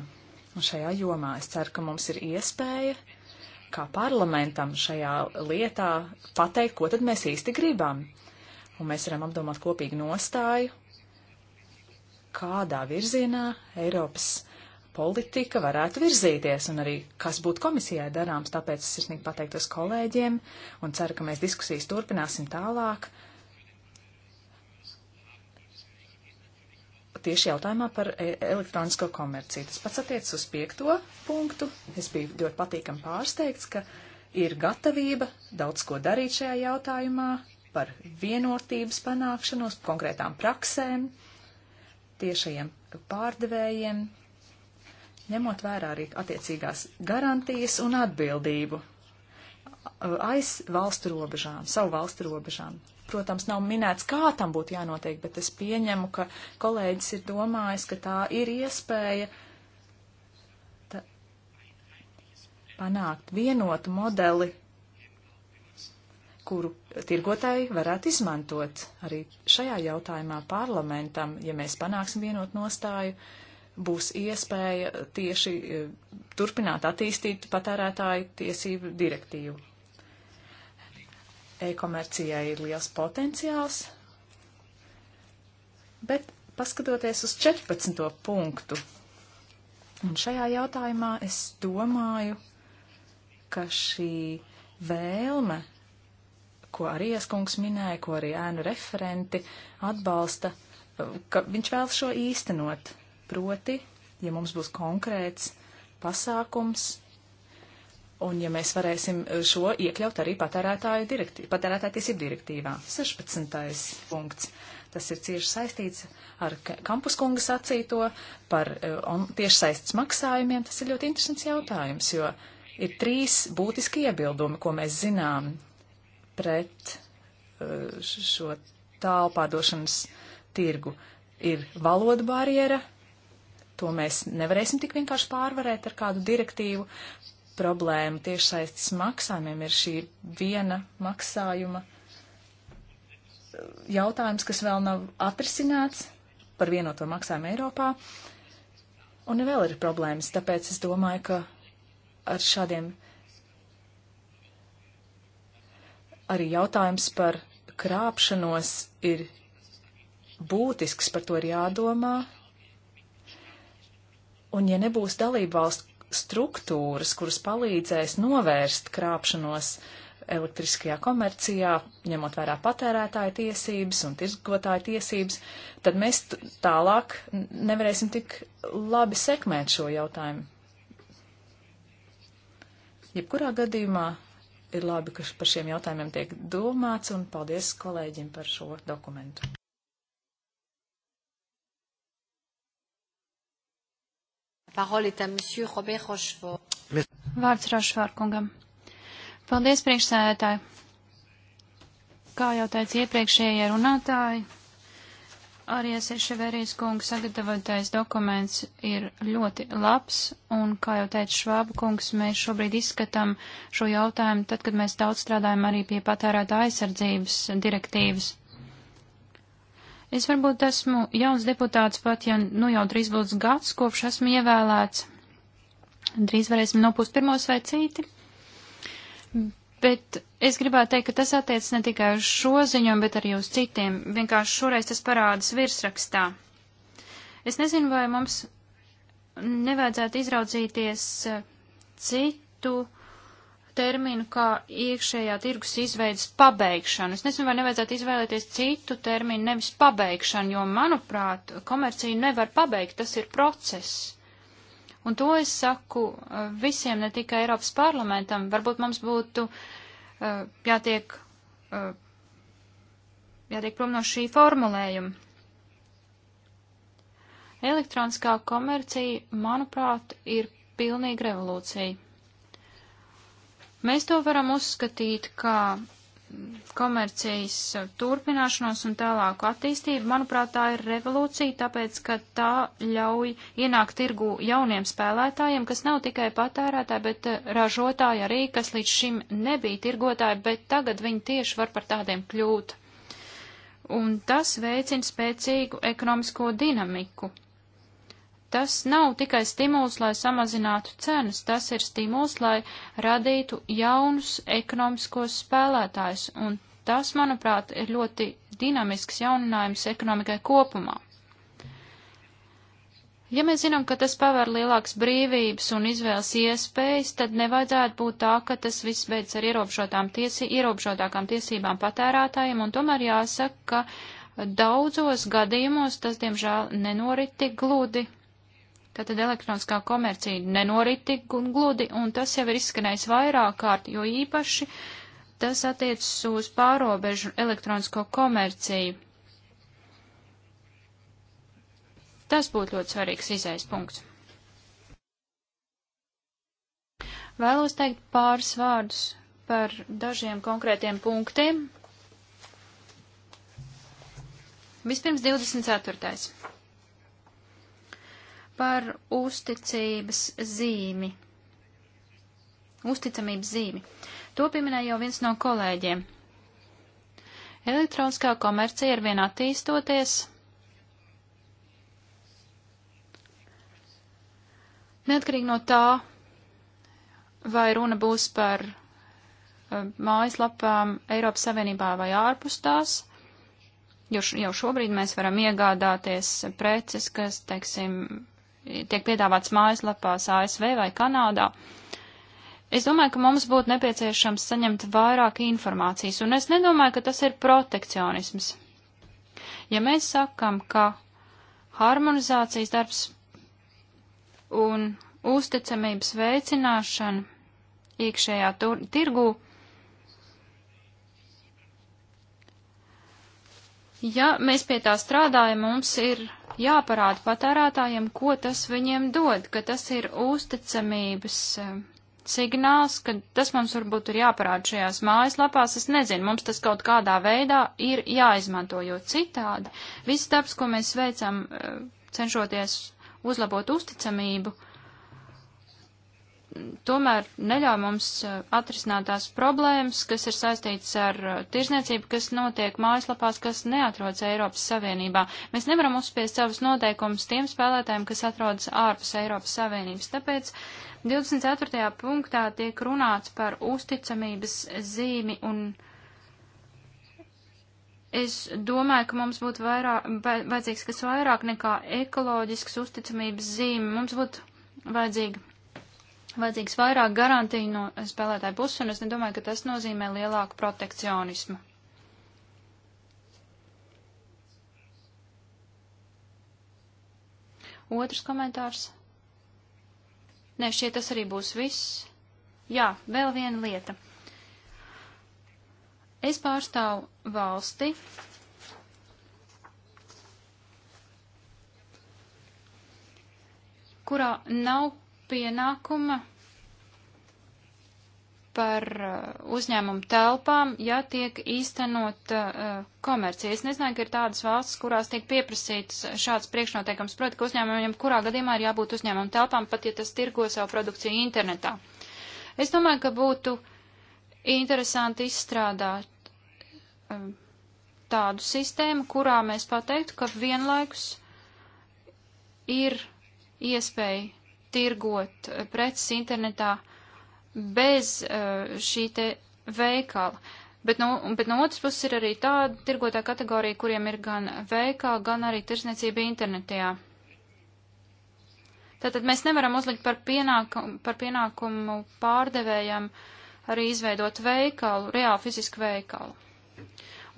un šajā jomā. Es ceru, ka mums ir iespēja kā parlamentam šajā lietā pateikt, ko tad mēs īsti gribam. Un mēs varam apdomāt kopīgu nostāju, kādā virzienā Eiropas politika varētu virzīties un arī kas būtu komisijai darāms. Tāpēc es sirsnīgi pateiktos kolēģiem un ceru, ka mēs diskusijas turpināsim tālāk. Tieši jautājumā par e- elektronisko komerciju. Tas pats attiecas uz piekto punktu. Es biju ļoti patīkam pārsteigts, ka ir gatavība daudz ko darīt šajā jautājumā par vienotības panākšanos, konkrētām praksēm, tiešajiem pārdevējiem, ņemot vērā arī attiecīgās garantijas un atbildību aiz valstu robežām, savu valstu robežām. Protams, nav minēts, kā tam būtu jānotiek, bet es pieņemu, ka kolēģis ir domājis, ka tā ir iespēja ta, panākt vienotu modeli, kuru tirgotāji varētu izmantot. Arī šajā jautājumā parlamentam, ja mēs panāksim vienotu nostāju, uh, būs iespēja tieši eh, turpināt attīstīt patērētāju tiesību direktīvu. E-komercijai ir liels potenciāls, bet paskatoties uz 14. punktu, un šajā jautājumā es domāju, ka šī vēlme, ko arī Ieskungs minēja, ko arī ēnu referenti atbalsta, eh, ka viņš vēl šo īstenot Proti, ja mums būs konkrēts pasākums, un ja mēs varēsim šo iekļaut arī patērētāju direktīvā, patērētāju tiesību direktīvā. 16. punkts. Tas ir cieši saistīts ar kampuskunga sacīto par eh, on, tiešsaistes maksājumiem. Tas ir ļoti interesants jautājums, jo ir trīs būtiski iebildumi, ko mēs zinām pret eh, šo tālpārdošanas tirgu. Ir valoda barjera, To mēs nevarēsim tik vienkārši pārvarēt ar kādu direktīvu. Problēma tiešsaistes maksājumiem ir šī viena maksājuma jautājums, kas vēl nav atrisināts par vienoto maksājumu Eiropā. Un vēl ir problēmas, tāpēc es domāju, ka ar šādiem arī jautājums par krāpšanos ir būtisks, par to ir jādomā, Un ja nebūs dalībvalstu struktūras, kuras palīdzēs novērst krāpšanos elektriskajā komercijā, ņemot vērā patērētāja tiesības un tirgotāja tiesības, tad mēs tālāk nevarēsim tik labi sekmēt šo jautājumu. Jebkurā gadījumā ir labi, ka par šiem jautājumiem tiek domāts, un paldies kolēģim par šo dokumentu. parole est à monsieur Robert Rochefort. Vārds Rošvār kungam. Paldies, priekšsēdētāji. Kā jau teica iepriekšējie runātāji, arī Seševerijas kungs sagatavotais dokuments ir ļoti labs, un, kā jau teica Švāba kungs, mēs šobrīd izskatām šo jautājumu, tad, kad mēs daudz strādājam arī pie patērēta aizsardzības direktīvas. Es varbūt esmu jauns deputāts pat, ja nu jau drīz būs gads, kopš esmu ievēlēts. Drīz varēsim nopūst pirmos vai citi. Bet es gribētu teikt, ka tas attiec ne tikai uz šo ziņojumu, bet arī uz citiem. Vienkārši šoreiz tas parādās virsrakstā. Es nezinu, vai mums nevajadzētu izraudzīties eh, citu terminu kā iekšējā tirgus izveidas pabeigšanu. Es nezinu, vai nevajadzētu izvēlēties citu terminu, nevis pabeigšanu, jo, manuprāt, komerciju nevar pabeigt, tas ir process. Un to es saku uh, visiem, ne tikai Eiropas parlamentam. Varbūt mums būtu uh, jātiek, uh, jātiek prom no šī formulējuma. Elektroniskā komercija, manuprāt, ir pilnīga revolūcija. Mēs to varam uzskatīt kā komercijas turpināšanos un tālāku attīstību. Manuprāt, tā ir revolūcija, tāpēc, ka tā ļauj ienākt tirgu jauniem spēlētājiem, kas nav tikai patērētāji, bet eh, ražotāji arī, kas līdz šim nebija tirgotāji, bet tagad viņi tieši var par tādiem kļūt. Un tas veicina spēcīgu ekonomisko dinamiku. Tas nav tikai stimuls, lai samazinātu cenas, tas ir stimuls, lai radītu jaunus ekonomiskos spēlētājus, un tas, manuprāt, ir ļoti dinamisks jauninājums ekonomikai kopumā. Ja mēs zinām, ka tas paver lielākas brīvības un izvēles iespējas, tad nevajadzētu būt tā, ka tas viss beidz ar ierobežotām tiesi, ierobežotākām tiesībām patērētājiem, un tomēr jāsaka, ka daudzos gadījumos tas, diemžēl, nenorit tik gludi Tātad elektroniskā komercija nenorit tik gludi, un tas jau ir izskanējis vairāk kārt, jo īpaši tas attiecas uz pārobežu elektronisko komerciju. Tas būtu ļoti svarīgs izējas punkts. Vēlos teikt pāris vārdus par dažiem konkrētiem punktiem. Vispirms 24 par uzticības zīmi. Uzticamības zīmi. To pieminēja jau viens no kolēģiem. Elektroniskā komercija ir vien attīstoties. Neatkarīgi no tā, vai runa būs par eh, mājaslapām Eiropas Savienībā vai ārpus tās, jo jau šobrīd mēs varam iegādāties preces, kas, teiksim, tiek piedāvāts mājaslapās ASV vai Kanādā. Es domāju, ka mums būtu nepieciešams saņemt vairāk informācijas, un es nedomāju, ka tas ir protekcionisms. Ja mēs sakam, ka harmonizācijas darbs un uzticamības veicināšana iekšējā tur, tirgū, ja mēs pie tā strādājam, mums ir jāparāda patērētājiem, ko tas viņiem dod, ka tas ir uzticamības eh, signāls, ka tas mums varbūt ir jāparāda šajās mājaslapās, es nezinu, mums tas kaut kādā veidā ir jāizmanto, jo citādi viss darbs, ko mēs veicam, eh, cenšoties uzlabot uzticamību, uh, tomēr neļauj mums uh, atrisināt tās problēmas, kas ir saistītas ar uh, tirzniecību, kas notiek mājaslapās, kas neatrodas Eiropas Savienībā. Mēs nevaram uzspiest savus noteikumus tiem spēlētājiem, kas atrodas ārpus Eiropas Savienības. Tāpēc 24. punktā tiek runāts par uzticamības zīmi un. Es domāju, ka mums būtu vairāk, vajadzīgs kas vairāk nekā ekoloģisks uzticamības zīme. Mums būtu vajadzīga vajadzīgs vairāk garantiju no spēlētāju puses, un es nedomāju, ka tas nozīmē lielāku protekcionismu. Otrs komentārs. Nē, šķiet, tas arī būs viss. Jā, vēl viena lieta. Es pārstāvu valsti, kurā nav pienākuma par uh, uzņēmumu telpām, ja tiek īstenot uh, komercija. Es nezināju, ka ir tādas valstis, kurās tiek pieprasīts šāds priekšnoteikums. Proti, ka uzņēmumiem kurā gadījumā ir jābūt uzņēmumu telpām, pat ja tas tirgo savu produkciju internetā. Es domāju, ka būtu interesanti izstrādāt um, tādu sistēmu, kurā mēs pateiktu, ka vienlaikus ir iespēja tirgot eh, preces internetā bez eh, šī te veikala. Bet no, bet no otras puses ir arī tāda tirgotā kategorija, kuriem ir gan veikala, gan arī tirsniecība internetā. Tātad mēs nevaram uzlikt par pienākumu, par pienākumu pārdevējam arī izveidot veikalu, reāli fizisku veikalu.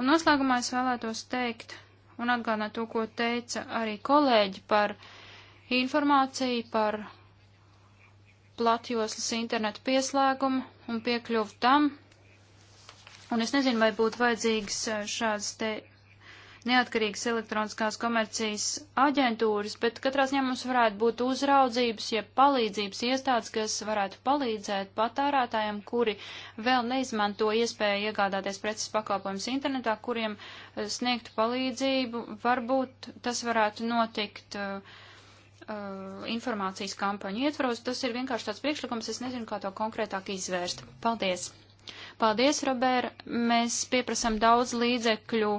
Un noslēgumā es vēlētos teikt un atgādināt to, ko teica arī kolēģi par informāciju, par platjoslas internetu pieslēgumu un piekļuvu tam. Un es nezinu, vai būtu vajadzīgs eh, šāds te neatkarīgas elektroniskās komercijas aģentūras, bet katrā ziņā mums varētu būt uzraudzības, ja palīdzības iestādes, kas varētu palīdzēt patārātājiem, kuri vēl neizmanto iespēju iegādāties preces pakalpojumus internetā, kuriem eh, sniegtu palīdzību. Varbūt tas varētu notikt uh, uh, informācijas kampaņu ietvaros. Tas ir vienkārši tāds priekšlikums, es nezinu, kā to konkrētāk izvērst. Paldies! Paldies, Robēr! Mēs pieprasam daudz līdzekļu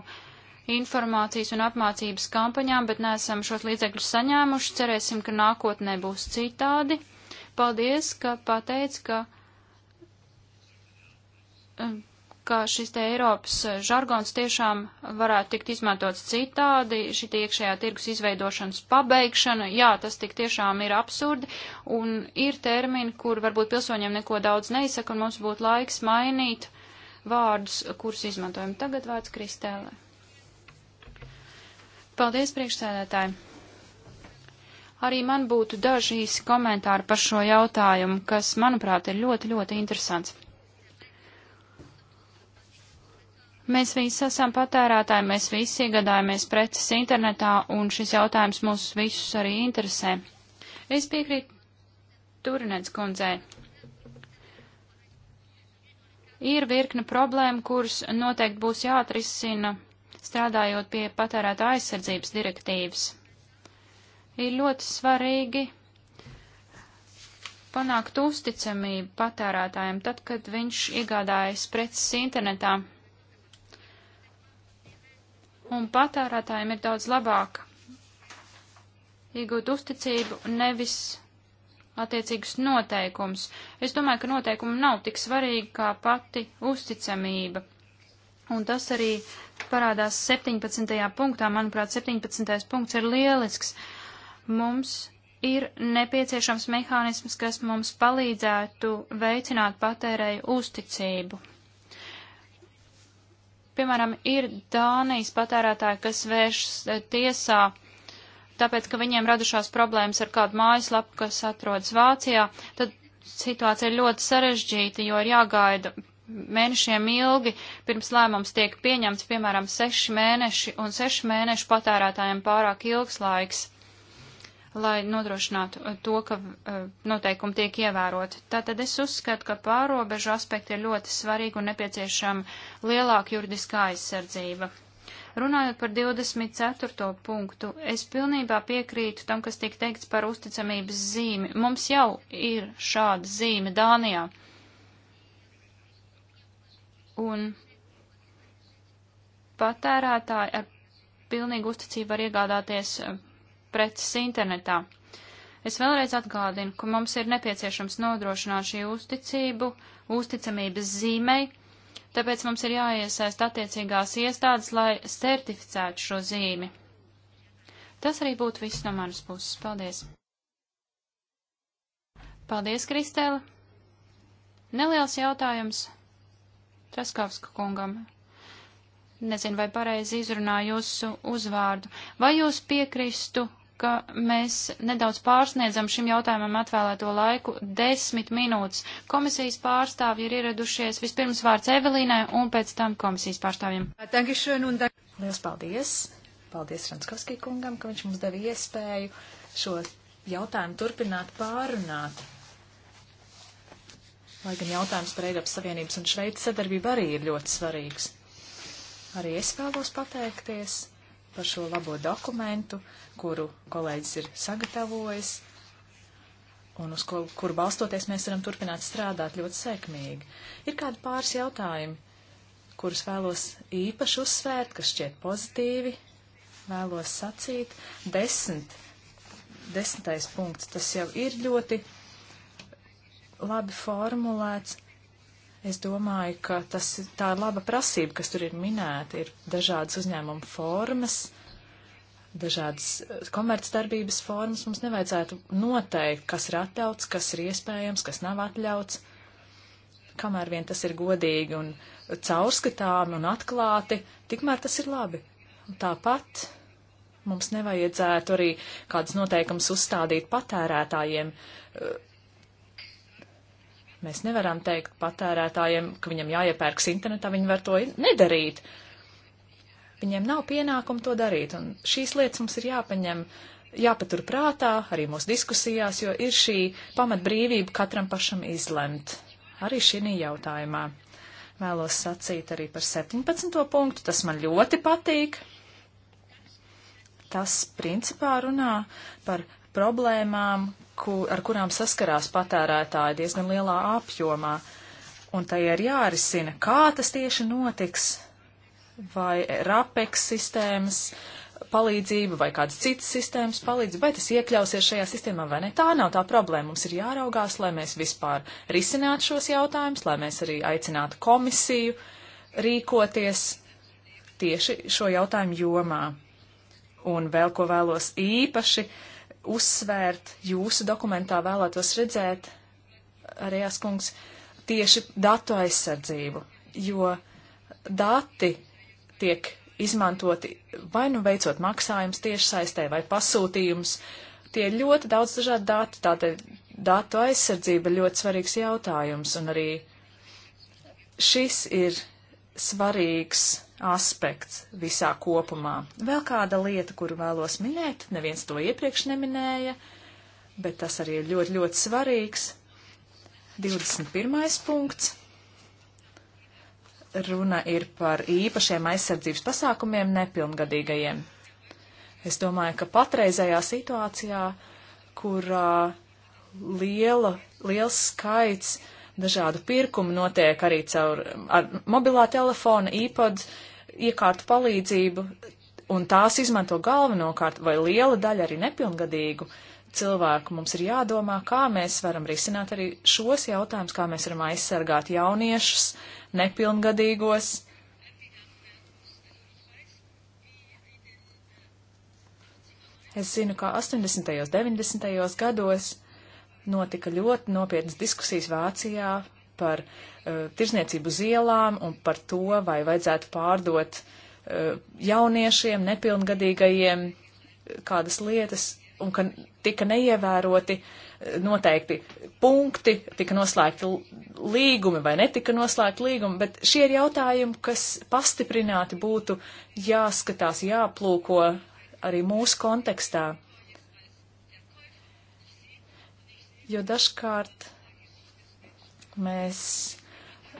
informācijas un apmācības kampaņām, bet neesam šos līdzekļus saņēmuši. Cerēsim, ka nākotnē būs citādi. Paldies, ka pateic, ka. Uh, ka šis te Eiropas eh, žargons tiešām varētu tikt izmantots citādi, šī iekšējā tirgus izveidošanas pabeigšana, jā, tas tik tiešām ir absurdi, un ir termini, kur varbūt pilsoņiem neko daudz neizsaka, un mums būtu laiks mainīt vārdus, kurus izmantojam. Tagad vārds Kristēlē. Paldies, priekšsēdētāji! Arī man būtu daži īsi komentāri par šo jautājumu, kas, manuprāt, ir ļoti, ļoti interesants. Mēs visi esam patērētāji, mēs visi iegādājamies preces internetā, un šis jautājums mūs visus arī interesē. Es piekrītu Turinēdz kundzei. Ir virkne problēma, kuras noteikti būs jāatrisina, strādājot pie patērētā aizsardzības direktīvas. Ir ļoti svarīgi panākt uzticamību patērētājiem tad, kad viņš iegādājas preces internetā un patērētājiem ir daudz labāk iegūt uzticību, nevis attiecīgus noteikumus. Es domāju, ka noteikumi nav tik svarīgi kā pati uzticamība. Un tas arī parādās 17. punktā. Manuprāt, 17. punkts ir lielisks. Mums ir nepieciešams mehānisms, kas mums palīdzētu veicināt patērēju uzticību. Piemēram, ir Dānijas patērētāji, kas vēršas eh, tiesā, tāpēc, ka viņiem radušās problēmas ar kādu mājaslapu, kas atrodas Vācijā, tad situācija ir ļoti sarežģīta, jo ir jāgaida mēnešiem ilgi, pirms lēmums tiek pieņemts, piemēram, seši mēneši, un seši mēneši patērētājiem pārāk ilgs laiks lai nodrošinātu eh, to, ka eh, noteikumi tiek ievēroti. Tātad es uzskatu, ka pārobežu aspekti ir ļoti svarīgi un nepieciešama lielāka juridiskā aizsardzība. Runājot par 24. punktu, es pilnībā piekrītu tam, kas tiek teikts par uzticamības zīmi. Mums jau ir šāda zīme Dānijā. Un patērētāji ar pilnīgu uzticību var iegādāties eh, preces internetā. Es vēlreiz atgādinu, ka mums ir nepieciešams nodrošināt šī uzticību, uzticamības zīmei, tāpēc mums ir jāiesaist attiecīgās iestādes, lai certificētu šo zīmi. Tas arī būtu viss no manas puses. Paldies! Paldies, Kristēla! Neliels jautājums Traskavska kungam. Nezinu, vai pareizi izrunāju jūsu uzvārdu. Vai jūs piekristu ka mēs nedaudz pārsniedzam šim jautājumam atvēlēto laiku - desmit minūtes. Komisijas pārstāvji ir ieradušies. Vispirms vārds Evelīnai un pēc tam komisijas pārstāvjiem. Lielas paldies! Paldies Franskovskij kungam, ka viņš mums deva iespēju šo jautājumu turpināt pārunāt. Lai gan jautājums par Eiropas Savienības un Šveices sadarbību arī ir ļoti svarīgs. Arī es vēlos pateikties par šo labo dokumentu, kuru kolēģis ir sagatavojis un uz ko, kuru balstoties mēs varam turpināt strādāt ļoti sekmīgi. Ir kādi pāris jautājumi, kurus vēlos īpaši uzsvērt, kas šķiet pozitīvi. Vēlos sacīt, desmit, desmitais punkts, tas jau ir ļoti labi formulēts. Es domāju, ka tas, tā ir laba prasība, kas tur ir minēta, ir dažādas uzņēmuma formas, uh, dažādas eh, komercdarbības formas, mums nevajadzētu noteikt, kas ir atļauts, kas ir iespējams, kas nav atļauts, kamēr vien tas ir godīgi un caurskatāmi un atklāti, tikmēr tas ir labi. Tāpat mums nevajadzētu arī kādas noteikums uzstādīt patērētājiem. Mēs nevaram teikt patērētājiem, ka viņam jāiepērks internetā, viņi var to nedarīt. Uh, Viņiem nav pienākumu to darīt, un šīs lietas mums ir jāpaņem, jāpatur prātā arī mūsu diskusijās, jo ir šī pamatbrīvība katram pašam izlemt. Arī šī jautājumā vēlos sacīt arī par 17. punktu, tas man ļoti patīk. Tas principā runā par problēmām, ku, ar kurām saskarās patērētāji diezgan lielā apjomā, un tai ir jārisina, kā tas tieši notiks, vai RAPEX sistēmas palīdzību vai kādas citas sistēmas palīdzību, vai tas iekļausies šajā sistēmā vai ne. Tā nav tā problēma. Mums ir jāraugās, lai mēs vispār risinātu šos jautājumus, lai mēs arī aicinātu komisiju rīkoties tieši šo jautājumu jomā. Un vēl ko vēlos īpaši uzsvērt jūsu dokumentā vēlētos redzēt, arī askungs, tieši datu aizsardzību, jo dati tiek izmantoti vai nu veicot maksājums tiešsaistē vai pasūtījums. Tie ir ļoti daudz dažādi dati, tādēļ datu aizsardzība ir ļoti svarīgs jautājums, un arī šis ir svarīgs aspekts visā kopumā. Vēl kāda lieta, kuru vēlos minēt, neviens to iepriekš neminēja, bet tas arī ir ļoti, ļoti svarīgs. 21. punkts runa ir par īpašiem aizsardzības pasākumiem nepilngadīgajiem. Es domāju, ka patreizējā situācijā, kur uh, liela, liels skaits dažādu pirkumu notiek arī caur ar mobilā telefona, iPod, iekārtu palīdzību, un tās izmanto galvenokārt vai liela daļa arī nepilngadīgu cilvēku. Mums ir jādomā, kā mēs varam risināt arī šos jautājumus, kā mēs varam aizsargāt jauniešus nepilngadīgos. Es zinu, ka 80. un 90. gados notika ļoti nopietnas diskusijas Vācijā par uh, tirzniecību zielām un par to, vai vajadzētu pārdot uh, jauniešiem, nepilngadīgajiem uh, kādas lietas, un ka tika neievēroti uh, noteikti punkti, tika noslēgti līgumi vai netika noslēgti līgumi, bet šie ir jautājumi, kas pastiprināti būtu jāskatās, jāplūko arī mūsu kontekstā. Jo dažkārt mēs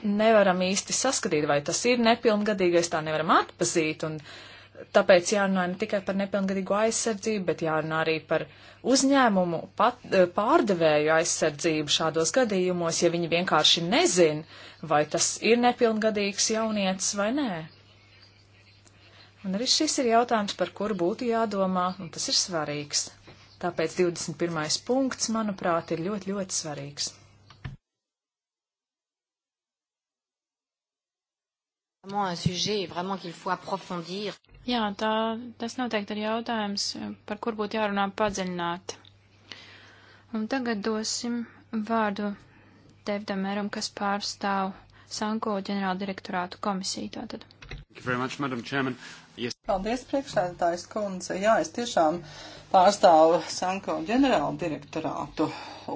nevaram īsti saskatīt, vai tas ir nepilngadīgais, tā nevaram atpazīt. Un, uh, Tāpēc jārunā ne tikai par nepilngadīgo aizsardzību, bet jārunā arī par uzņēmumu pat, e, pārdevēju aizsardzību šādos gadījumos, ja viņi vienkārši nezin, vai tas ir nepilngadīgs jaunietis vai nē. Un arī šis ir jautājums, par kuru būtu jādomā, un tas ir svarīgs. Tāpēc 21. punkts, manuprāt, ir ļoti, ļoti svarīgs. Jā, tā, tas noteikti ir jautājums, par kur būtu jārunā padziļināti. Un tagad dosim vārdu Devdameram, kas pārstāv Sanko ģenerāla direktorātu komisiju. Tātad. Much, yes. Paldies, priekšsēdētājs kundze. Jā, es tiešām pārstāvu Sanko ģenerāla direktorātu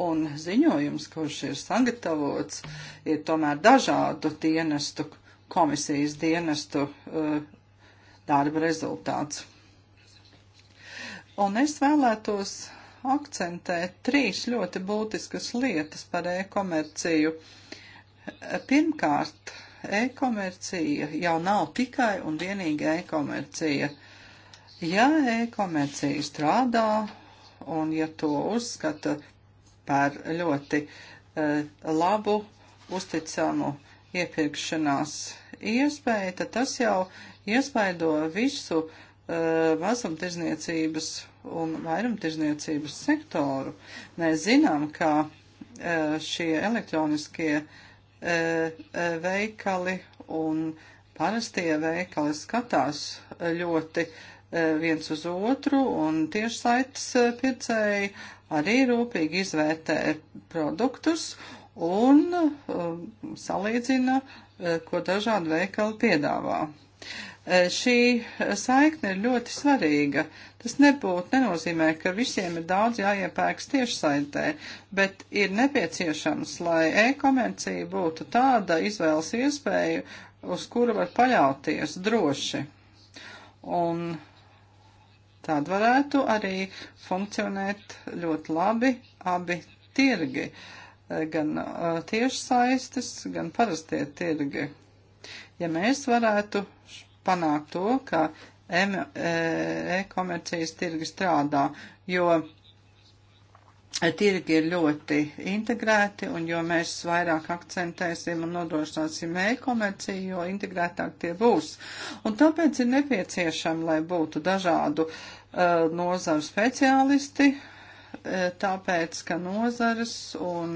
un ziņojums, kurš ir sagatavots, ir tomēr dažādu dienestu komisijas dienestu eh, darba rezultāts. Un es vēlētos akcentēt trīs ļoti būtiskas lietas par e-komerciju. Pirmkārt, e-komercija jau nav tikai un vienīgi e-komercija. Ja e-komercija strādā un ja to uzskata par ļoti uh, labu, uzticamu iepirkšanās iespēja, tad tas jau iespaido visu uh, mazumtirzniecības un vairumtirzniecības sektoru. Mēs zinām, ka uh, šie elektroniskie uh, uh veikali un parastie veikali skatās ļoti uh, viens uz otru, un tiešsaites uh, pircēji arī rūpīgi izvērtē produktus, un um, salīdzina, uh, ko dažādi veikali piedāvā. Uh, šī saikne ir ļoti svarīga. Tas nebūtu nenozīmē, ka visiem ir daudz jāiepērks tiešsaitē, bet ir nepieciešams, lai e-komercija būtu tāda izvēles iespēja, uz kuru var paļauties droši. Un tāda varētu arī funkcionēt ļoti labi abi tirgi. Uh, Eh, gan eh, tiešsaistes, gan parastie tirgi. Ja mēs varētu panākt to, ka eh, e-komercijas tirgi strādā, jo tirgi ir ļoti integrēti, un jo mēs vairāk akcentēsim un nodrošināsim e-komerciju, jo integrētāk tie būs. Un tāpēc ir nepieciešama, lai būtu dažādu uh, nozaru speciālisti, uh, E, tāpēc, ka nozares un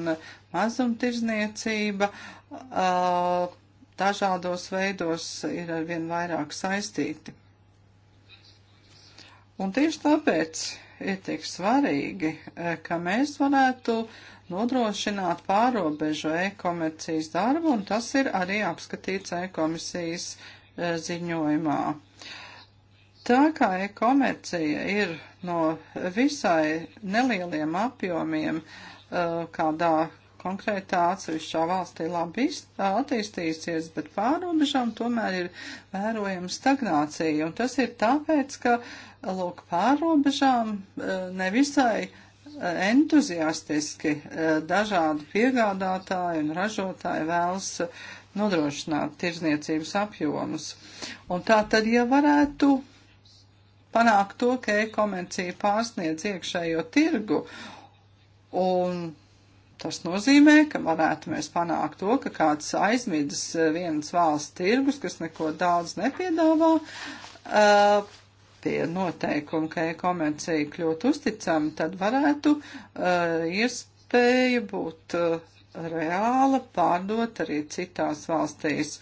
mazumtirzniecība e, dažādos veidos ir arvien vairāk saistīti. Un tieši tāpēc ir tik svarīgi, e, ka mēs varētu nodrošināt pārobežu e-komercijas darbu, un tas ir arī apskatīts e-komisijas ziņojumā. Uh, Tā kā e-komercija ir no visai nelieliem apjomiem eh, kādā konkrētā atsevišķā valstī labi attīstīsies, bet pārobežām tomēr ir vērojama stagnācija. Un tas ir tāpēc, ka, lūk, pārobežām eh, nevisai eh, entuziastiski dažādi piegādātāji un ražotāji vēlas nodrošināt tirzniecības apjomus. Un tā tad, ja varētu panākt to, ka e-komercija pārsniedz iekšējo tirgu. Un tas nozīmē, ka varētu mēs panākt to, ka kāds aizmidzis vienas valsts tirgus, kas neko daudz nepiedāvā, uh, pie noteikuma, ka e-komercija kļūtu uzticama, tad varētu uh, iespēja būt uh, reāla pārdot arī citās valstīs.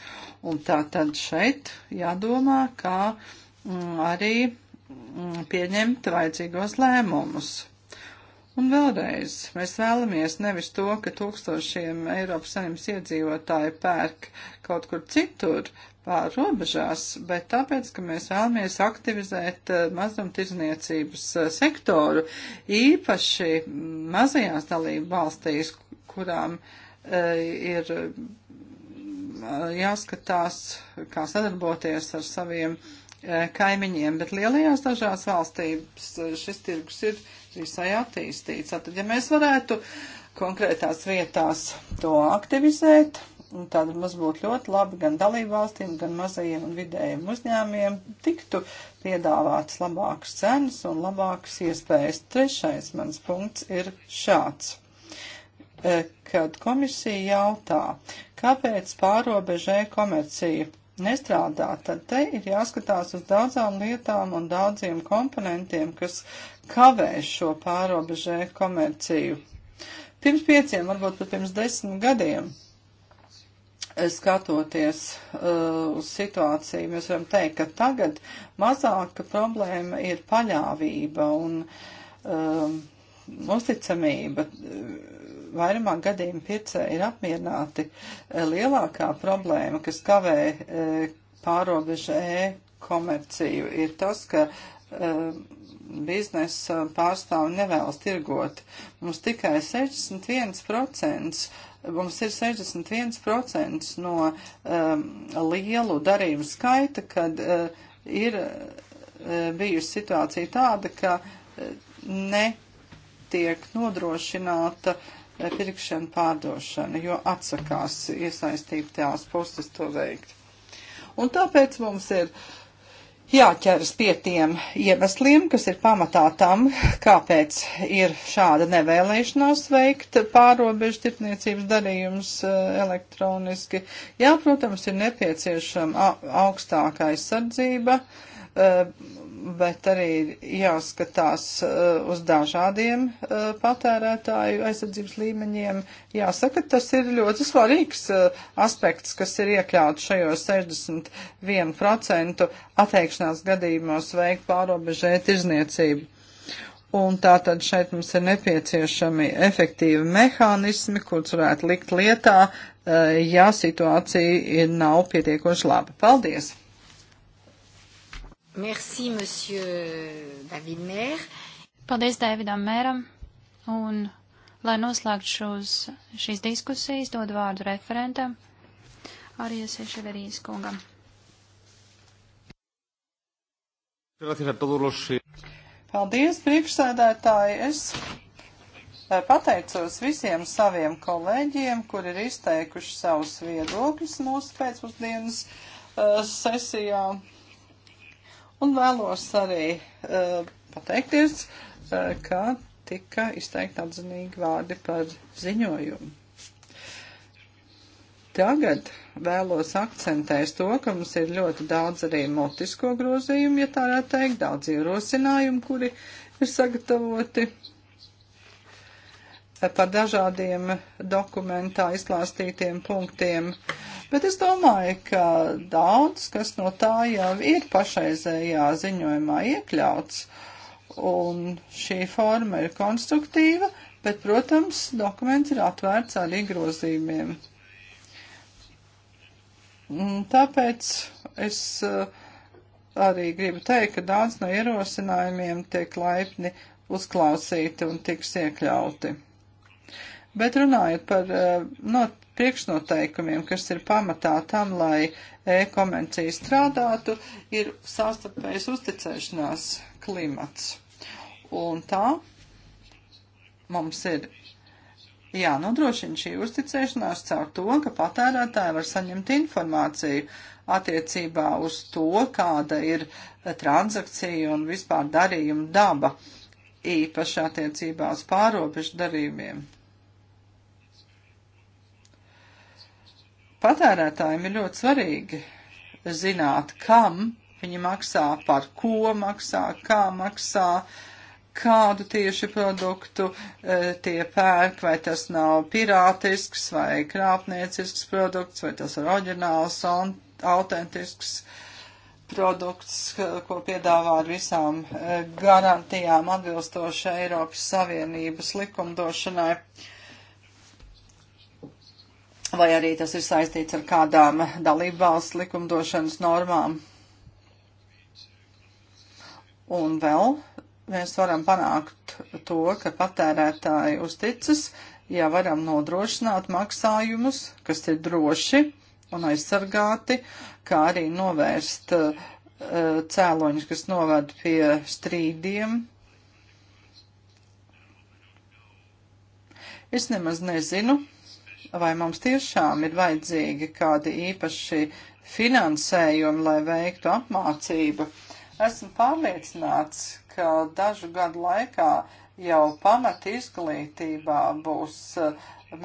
Un tā tad šeit jādomā, kā mm, arī Mm, pieņemt vajadzīgos lēmumus. Un vēlreiz, mēs vēlamies nevis to, ka tūkstošiem Eiropas saimnes iedzīvotāji pērk kaut kur citur pār robežās, bet tāpēc, ka mēs vēlamies aktivizēt eh, mazumtirzniecības eh, sektoru, īpaši mazajās dalību valstīs, kurām e, ir mm, jāskatās, kā sadarboties ar saviem E, kaimiņiem, bet lielajās dažās valstīs e, šis tirgus ir visai attīstīts. Tad, ja mēs varētu konkrētās vietās to aktivizēt, tad mums būtu ļoti labi gan dalību valstīm, gan mazajiem un vidējiem uzņēmiem tiktu piedāvātas labākas cenas un labākas iespējas. Trešais mans punkts ir šāds e, kad komisija jautā, kāpēc pārobežē komercija nestrādā, tad te ir jāskatās uz daudzām lietām un daudziem komponentiem, kas kavē šo pārobežē komerciju. Pirms pieciem, varbūt pat pirms desmit gadiem, skatoties uh, uz situāciju, mēs varam teikt, ka tagad mazāka problēma ir paļāvība un uh, uzticamība. Uh, vairumā gadījumu pircēji ir apmierināti. Eh, lielākā problēma, kas kavē eh, pārobežu e-komerciju, ir tas, ka eh, biznesa pārstāvi nevēlas tirgot. Mums tikai 61% mums ir 61% no um, lielu darījumu skaita, kad uh, ir uh, bijusi situācija tāda, ka uh, netiek nodrošināta uh, pirkšana, pārdošana, jo atsakās iesaistītās puses to veikt. Un tāpēc mums ir jāķeras pie tiem iemesliem, kas ir pamatā tam, kāpēc ir šāda nevēlēšanās veikt pārobežu tirpniecības darījumus eh, elektroniski. Jā, protams, ir nepieciešama augstākā aizsardzība eh, bet arī ir jāskatās eh, uz dažādiem eh, patērētāju aizsardzības līmeņiem. Jāsaka, tas ir ļoti svarīgs eh, aspekts, kas ir iekļauts šajos 61% atteikšanās gadījumos veikt pārobežē tirzniecību. Un tātad šeit mums ir nepieciešami efektīvi mehānismi, kurus varētu likt lietā, ja situācija nav pietiekoši laba. Paldies! Merci, monsieur David Mēr. Paldies Davidam Mēram. Un, lai noslēgtu šos, šīs diskusijas, dod vārdu referentam, arī es ešu arī skungam. Paldies, priekšsēdētāji. Es eh, pateicos visiem saviem kolēģiem, kur ir izteikuši savus viedokļus mūsu pēcpusdienas uh, sesijā. Un vēlos arī uh, pateikties, uh, ka tika izteikti atzinīgi vārdi par ziņojumu. Tagad vēlos akcentēt to, ka mums ir ļoti daudz arī motisko grozījumu, ja tā varētu teikt, daudz ierosinājumu, kuri ir sagatavoti par dažādiem dokumentā izklāstītiem punktiem. Bet es domāju, ka daudz, kas no tā jau ir pašreizējā ziņojumā iekļauts, un šī forma ir konstruktīva, bet, protams, dokuments ir atvērts arī grozījumiem. Tāpēc es eh, arī gribu teikt, ka daudz no ierosinājumiem tiek laipni uzklausīti un tiks iekļauti. Bet runājot par eh, no, priekšnoteikumiem, kas ir pamatā tam, lai e-komencija strādātu, ir savstarpējas uzticēšanās klimats. Un tā mums ir jānodrošina šī uzticēšanās caur to, ka patērētāji var saņemt informāciju attiecībā uz to, kāda ir transakcija un vispār darījuma daba īpaši attiecībā uz pārobežu darījumiem. Patērētājiem ir ļoti svarīgi zināt, kam viņi maksā, par ko maksā, kā maksā, kādu tieši produktu e, tie pērk, vai tas nav pirātisks vai krāpniecisks produkts, vai tas ir oriģināls un autentisks produkts, ko piedāvā ar visām e, garantijām atbilstoši Eiropas Savienības likumdošanai. Uh, vai arī tas ir saistīts ar kādām dalībvalsts likumdošanas normām. Un vēl mēs varam panākt to, ka patērētāji uzticas, ja varam nodrošināt maksājumus, kas ir droši un aizsargāti, kā arī novērst uh, cēloņus, kas noved pie strīdiem. Es nemaz nezinu, vai mums tiešām ir vajadzīgi kādi īpaši finansējumi, lai veiktu apmācību. Esmu pārliecināts, ka dažu gadu laikā jau pamat izglītībā būs eh,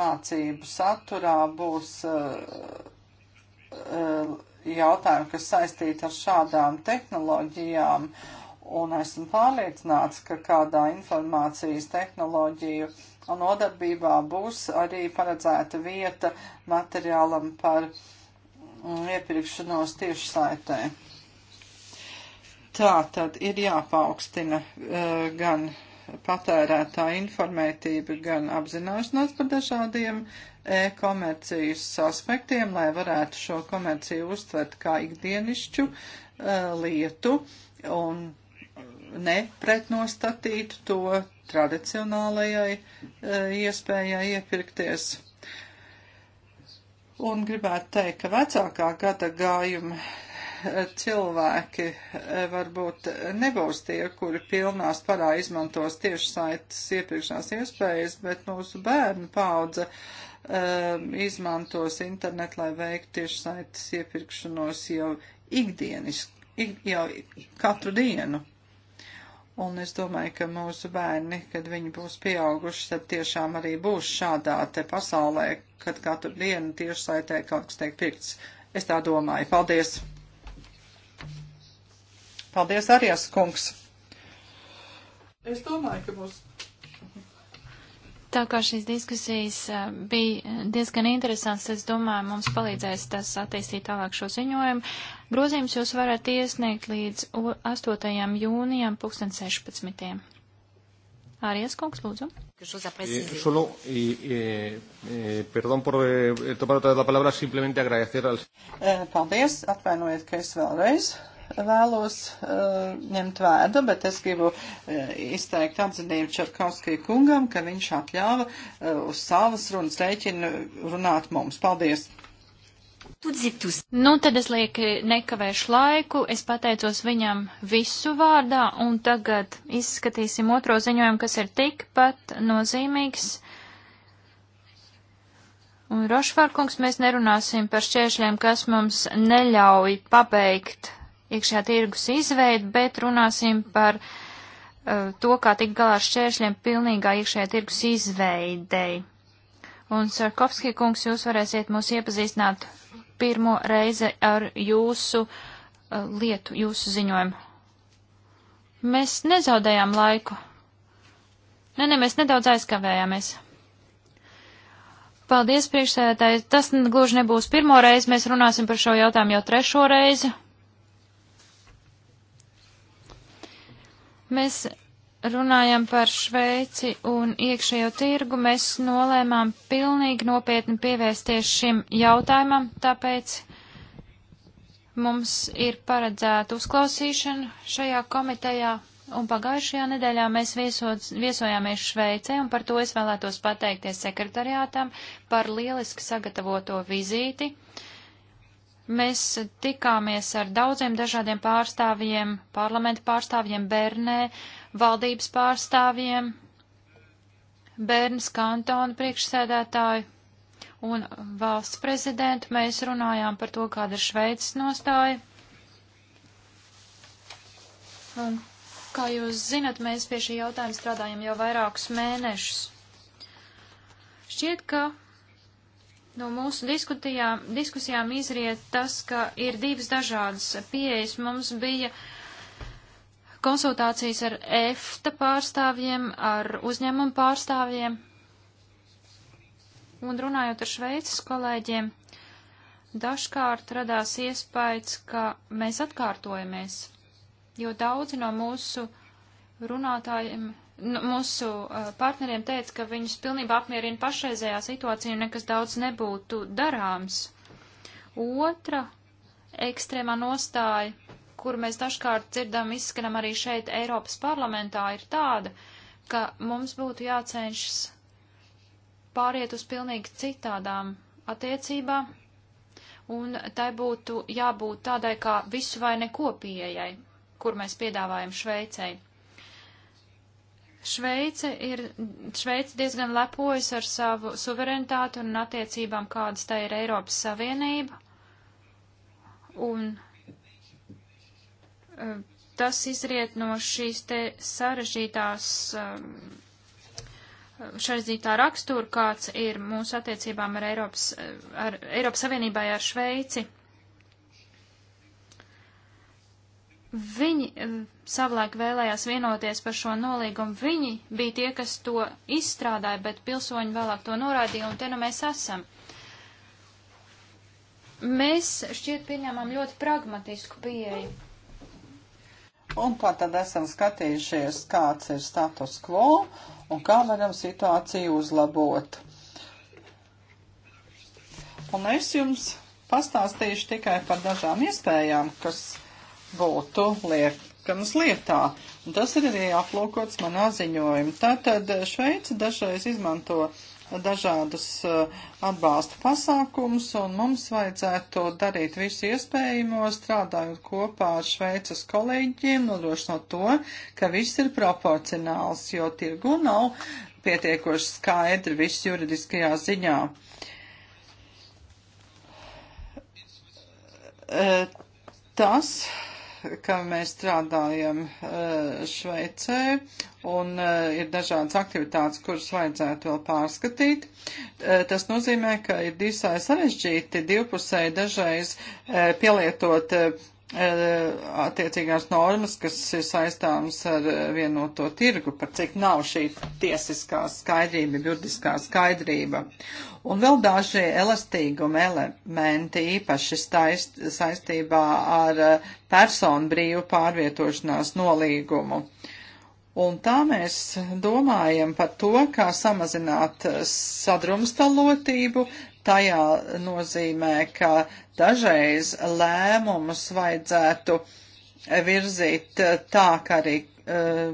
mācību saturā, būs eh, eh, jautājumi, kas saistīti ar šādām tehnoloģijām. Uh, un esmu pārliecināts, ka kādā informācijas tehnoloģiju nodarbībā būs arī paredzēta vieta materiālam par mm, iepirkšanos tiešsaitē. Tā tad ir jāpaukstina uh, gan patērētā informētība, gan apzināšanās par dažādiem e-komercijas aspektiem, lai varētu šo komerciju uztvert kā ikdienišķu uh, lietu un nepretnostatītu to tradicionālajai eh, iespējai iepirkties. Un gribētu teikt, ka vecākā gada gājuma eh, cilvēki eh, varbūt nebūs tie, kuri pilnā sparā izmantos tiešsaites iepirkšanās iespējas, bet mūsu bērnu paudze um, izmantos internetu, lai veiktu tiešsaites iepirkšanos jau ikdienis, ik, jau katru dienu. Un es domāju, ka mūsu bērni, kad viņi būs pieauguši, tad tiešām arī būs šādā te pasaulē, kad katru dienu tieši saitē kaut kas tiek pirkts. Es tā domāju. Paldies! Paldies, Arijas kungs! Es domāju, ka mūsu Tā kā šīs diskusijas bija diezgan interesants, es domāju, mums palīdzēs tas attīstīt tālāk šo ziņojumu. Grozījums jūs varat iesniegt līdz 8. jūnijam 2016. Arias Kungs, lūdzu. Eh, solo, y, y, y, eh, eh, perdón por tomar otra vez la palabra, simplemente agradecer al. Paldies, atvainojiet, ka es vēlreiz vēlos uh, ņemt vērdu, bet es gribu uh, izteikt atzinību Čerkauskiju kungam, ka viņš atļāva uh, uz savas runas rēķinu runāt mums. Paldies! Nu, tad es lieki nekavēšu laiku, es pateicos viņam visu vārdā, un tagad izskatīsim otro ziņojumu, kas ir tikpat nozīmīgs. Un Rošvārkungs, mēs nerunāsim par šķēršļiem, kas mums neļauj pabeigt iekšējā tirgus izveidi, bet runāsim par uh, to, kā tik galā ar šķēršļiem pilnīgā iekšējā tirgus izveidei. Un, Sarkovski kungs, jūs varēsiet mūs iepazīstināt pirmo reizi ar jūsu uh, lietu, jūsu ziņojumu. Mēs nezaudējām laiku. Nē, nē, mēs nedaudz aizkavējāmies. Paldies, priekšsēdētāji. Tas gluži nebūs pirmo reizi, mēs runāsim par šo jautājumu jau trešo reizi. Mēs runājam par Šveici un iekšējo tirgu, mēs nolēmām pilnīgi nopietni pievērsties šim jautājumam, tāpēc mums ir paredzēta uzklausīšana šajā komitejā, un pagājušajā nedēļā mēs viesod, viesojāmies Šveicē, un par to es vēlētos pateikties sekretariātam par lieliski sagatavoto vizīti. Mēs tikāmies ar daudziem dažādiem pārstāvjiem, parlamenta pārstāvjiem Bernē, valdības pārstāvjiem, Bērnas kantona priekšsēdētāju un valsts prezidentu. Mēs runājām par to, kāda ir Šveicas nostāja. Un, kā jūs zinat, mēs pie šī jautājuma strādājam jau vairākus mēnešus. Šķiet, ka No mūsu diskusijām izriet tas, ka ir divas dažādas pieejas. Mums bija konsultācijas ar EFTA pārstāvjiem, ar uzņēmumu pārstāvjiem. Un runājot ar Šveices kolēģiem, dažkārt radās iespējas, ka mēs atkārtojamies, jo daudzi no mūsu runātājiem Nu, mūsu partneriem teica, ka viņus pilnībā apmierina pašreizējā situācija un nekas daudz nebūtu darāms. Otra ekstrēmā nostāja, kur mēs dažkārt dzirdam, izskanam arī šeit Eiropas parlamentā, ir tāda, ka mums būtu jācenšas pāriet uz pilnīgi citādām attiecībām, un tai būtu jābūt tādai kā visu vai neko pieejai, kur mēs piedāvājam Šveicei. Šveice ir, Šveice diezgan lepojas ar savu suverenitāti un attiecībām, kādas tā ir Eiropas Savienība. Un e, tas izriet no šīs te sarežģītās, e, e, sarežģītā rakstura, kāds ir mūsu attiecībām ar Eiropas, ar Eiropas Savienībai ar Šveici. Viņi eh, savulaik vēlējās vienoties par šo nolīgumu. Viņi bija tie, kas to izstrādāja, bet pilsoņi vēlāk to norādīja, un te nu mēs esam. Mēs šķiet pieņēmām ļoti pragmatisku pieeju. Un pat tad esam skatījušies, kāds ir status quo un kā varam situāciju uzlabot. Un es jums pastāstīšu tikai par dažām iespējām, kas būtu liekamas lietā. Un tas ir arī aplūkots manā ziņojumā. Tātad Šveica dažreiz izmanto dažādus uh, atbalsta pasākumus, un mums vajadzētu darīt visu iespējamo, strādājot kopā ar Šveicas kolēģiem, nodrošinot to, ka viss ir proporcionāls, jo tirgu nav pietiekoši skaidri viss juridiskajā ziņā. Uh, tas ka mēs strādājam eh, Šveicē un eh, ir dažādas aktivitātes, kuras vajadzētu vēl pārskatīt. Eh, tas nozīmē, ka ir dīsai sarežģīti divpusēji dažreiz pielietot Eh, attiecīgās normas, kas ir saistāmas ar eh, vienoto tirgu, par cik nav šī tiesiskā skaidrība, juridiskā skaidrība. Un vēl daži elastīguma elementi īpaši staist, saistībā ar eh, personu brīvu pārvietošanās nolīgumu. Un tā mēs domājam par to, kā samazināt sadrumstalotību, tajā nozīmē, ka dažreiz lēmumus vajadzētu virzīt tā, ka arī Uh,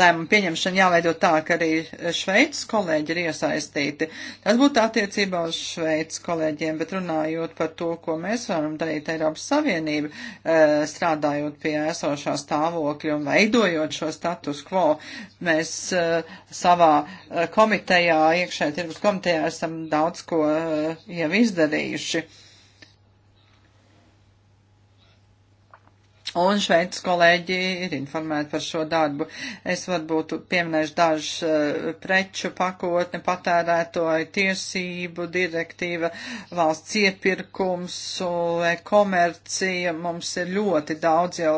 lēmumu pieņemšana jāveido tā, ka arī Šveices kolēģi ir iesaistīti. Tas būtu attiecībā uz Šveices kolēģiem, bet runājot par to, ko mēs varam darīt Eiropas Savienību, uh, strādājot pie esošā stāvokļa un veidojot šo status quo, mēs uh, savā komitejā, iekšē tirgus komitejā esam daudz ko jau izdarījuši. Un šveicis kolēģi ir informēti par šo darbu. Es varbūt pieminēšu dažu uh, eh, preču pakotni, patērētoju tiesību, direktīva, valsts iepirkums, eh, komercija. Mums ir ļoti daudz jau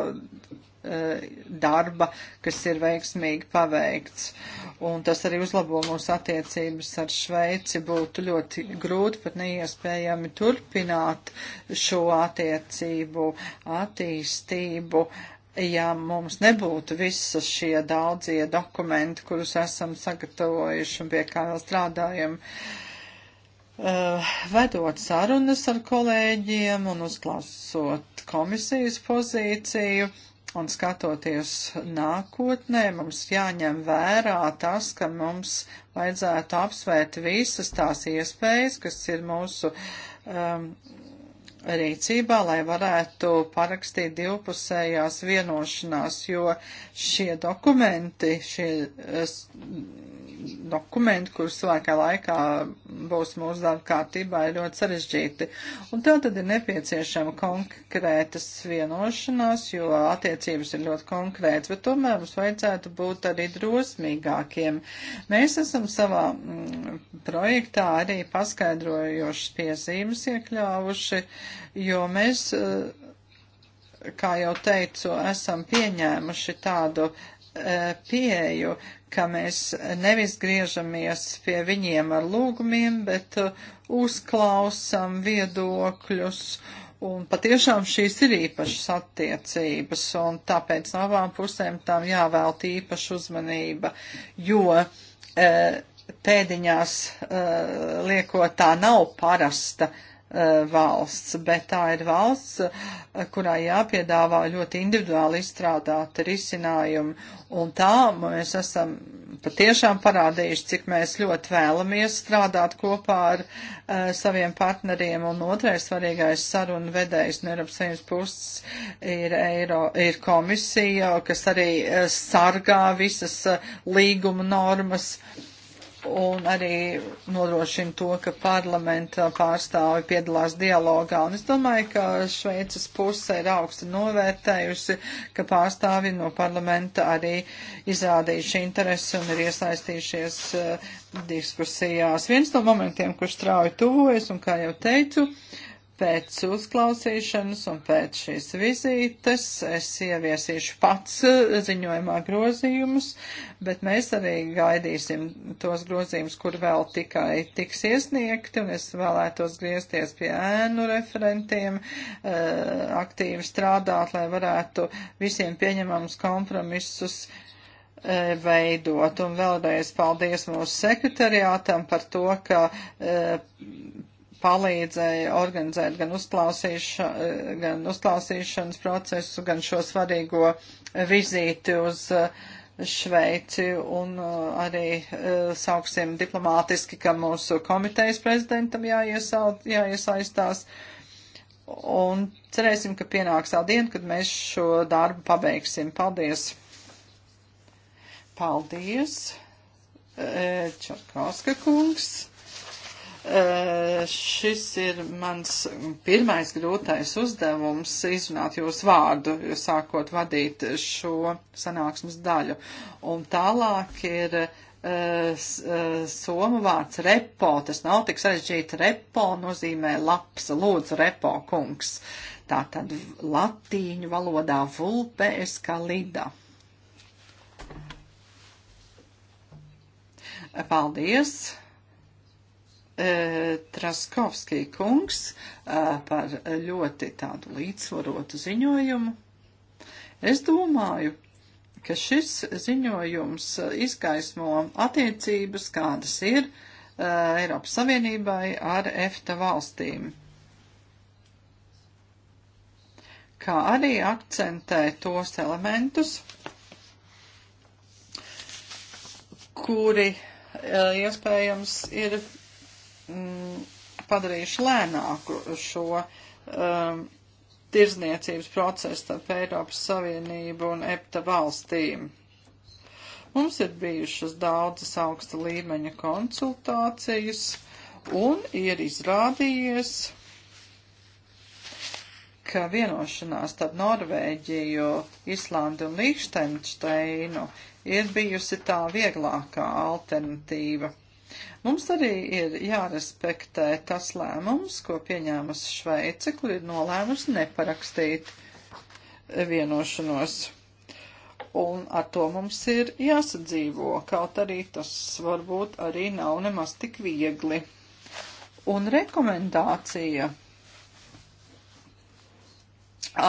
Eh, darba, kas ir veiksmīgi paveikts. Un tas arī uzlabo mūsu attiecības ar Šveici. Būtu ļoti grūti, pat neiespējami turpināt šo attiecību attīstību. Ja mums nebūtu visas šie daudzie dokumenti, kurus esam sagatavojuši un pie kā vēl strādājam, uh, vedot sarunas ar kolēģiem un uzklausot komisijas pozīciju, uh, un skatoties nākotnē, mums jāņem vērā tas, ka mums vajadzētu apsvērt visas tās iespējas, kas ir mūsu um, rīcībā, lai varētu parakstīt divpusējās vienošanās, jo šie dokumenti, šie es, dokumenti, kurus vēlākā laikā būs mūsu darba kārtībā, ir ļoti sarežģīti. Un tā tad ir nepieciešama konkrētas vienošanās, jo attiecības ir ļoti konkrētas, bet tomēr mums vajadzētu būt arī drosmīgākiem. Mēs esam savā m, mm, projektā arī paskaidrojošas piezīmes iekļāvuši. Uh, jo mēs, eh, kā jau teicu, esam pieņēmuši tādu eh, pieeju, ka mēs nevis griežamies pie viņiem ar lūgumiem, bet eh, uzklausam viedokļus. Un patiešām šīs ir īpašas attiecības, un tāpēc no abām pusēm tām jāvēlta īpaša uzmanība, jo e, pēdiņās e, liekot tā nav parasta e, Uh, valsts, bet tā ir valsts, uh, kurā jāpiedāvā ļoti individuāli izstrādāti risinājumi. Un tā mēs esam patiešām parādījuši, cik mēs ļoti vēlamies strādāt kopā ar uh, saviem partneriem. Un otrais svarīgais sarunu vedējs no Eiropas Savienības puses ir, Eiro, ir komisija, kas arī uh, sargā visas līguma normas. Uh, un arī nodrošina to, ka parlamenta pārstāvi piedalās dialogā. Un es domāju, ka Šveices puse ir augsti novērtējusi, ka pārstāvi no parlamenta arī izrādījuši interesi un ir iesaistījušies uh, diskusijās. Viens no momentiem, kurš strauji tuvojas, un kā jau teicu, uh, Pēc uzklausīšanas un pēc šīs vizītes es ieviesīšu pats eh, ziņojumā grozījumus, bet mēs arī gaidīsim tos grozījumus, kur vēl tikai tiks iesniegti, un es vēlētos griezties pie ēnu referentiem, eh, aktīvi strādāt, lai varētu visiem pieņemamus kompromisus eh, veidot. Un vēlreiz paldies mūsu sekretariātam par to, ka palīdzēja organizēt gan, uzklausīša, gan uzklausīšanas procesu, gan šo svarīgo vizīti uz eh, Šveici un eh, arī eh, sauksim diplomātiski, ka mūsu komitejas prezidentam jāiesal, jāiesaistās. Un cerēsim, ka pienāks tā diena, kad mēs šo darbu pabeigsim. Paldies! Paldies! Čakauska kungs! Šis ir mans pirmais grūtais uzdevums izrunāt jūsu vārdu, sākot vadīt šo sanāksmes daļu. Un tālāk ir somu vārds repo, tas nav tik sarežģīti, repo nozīmē labs, lūdzu, repo kungs. Tā tad latīņu valodā vulpe eskalida. Paldies! E, Traskovskī kungs e, par ļoti tādu līdzsvarotu ziņojumu. Es domāju, ka šis ziņojums izgaismo attiecības, kādas ir e, Eiropas Savienībai ar EFTA valstīm. Kā arī akcentē tos elementus, kuri iespējams ir mm, padarījuši lēnāku šo um, tirzniecības procesu starp Eiropas Savienību un EPTA valstīm. Mums ir bijušas daudzas augsta līmeņa konsultācijas un ir izrādījies, ka vienošanās starp Norvēģiju, Islandi un Līhštenšteinu ir bijusi tā vieglākā alternatīva Mums arī ir jārespektē tas lēmums, ko pieņēmusi Šveice, kur ir nolēmusi neparakstīt vienošanos. Un ar to mums ir jāsadzīvo, kaut arī tas varbūt arī nav nemaz tik viegli. Un rekomendācija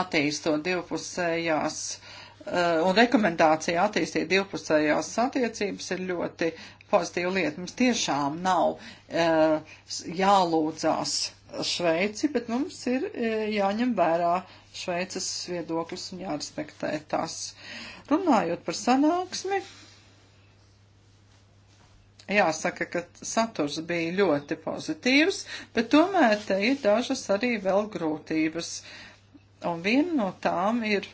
attīstot divpusējās uh, Eh, un rekomendācija attīstīt divpusējās attiecības ir ļoti pozitīva lieta. Mums tiešām nav eh, jālūdzās Šveici, bet mums ir eh, jāņem vērā Šveices viedoklis un jārespektē tas. Runājot par sanāksmi, jāsaka, ka saturs bija ļoti pozitīvs, bet tomēr te ir dažas arī vēl grūtības. Un viena no tām ir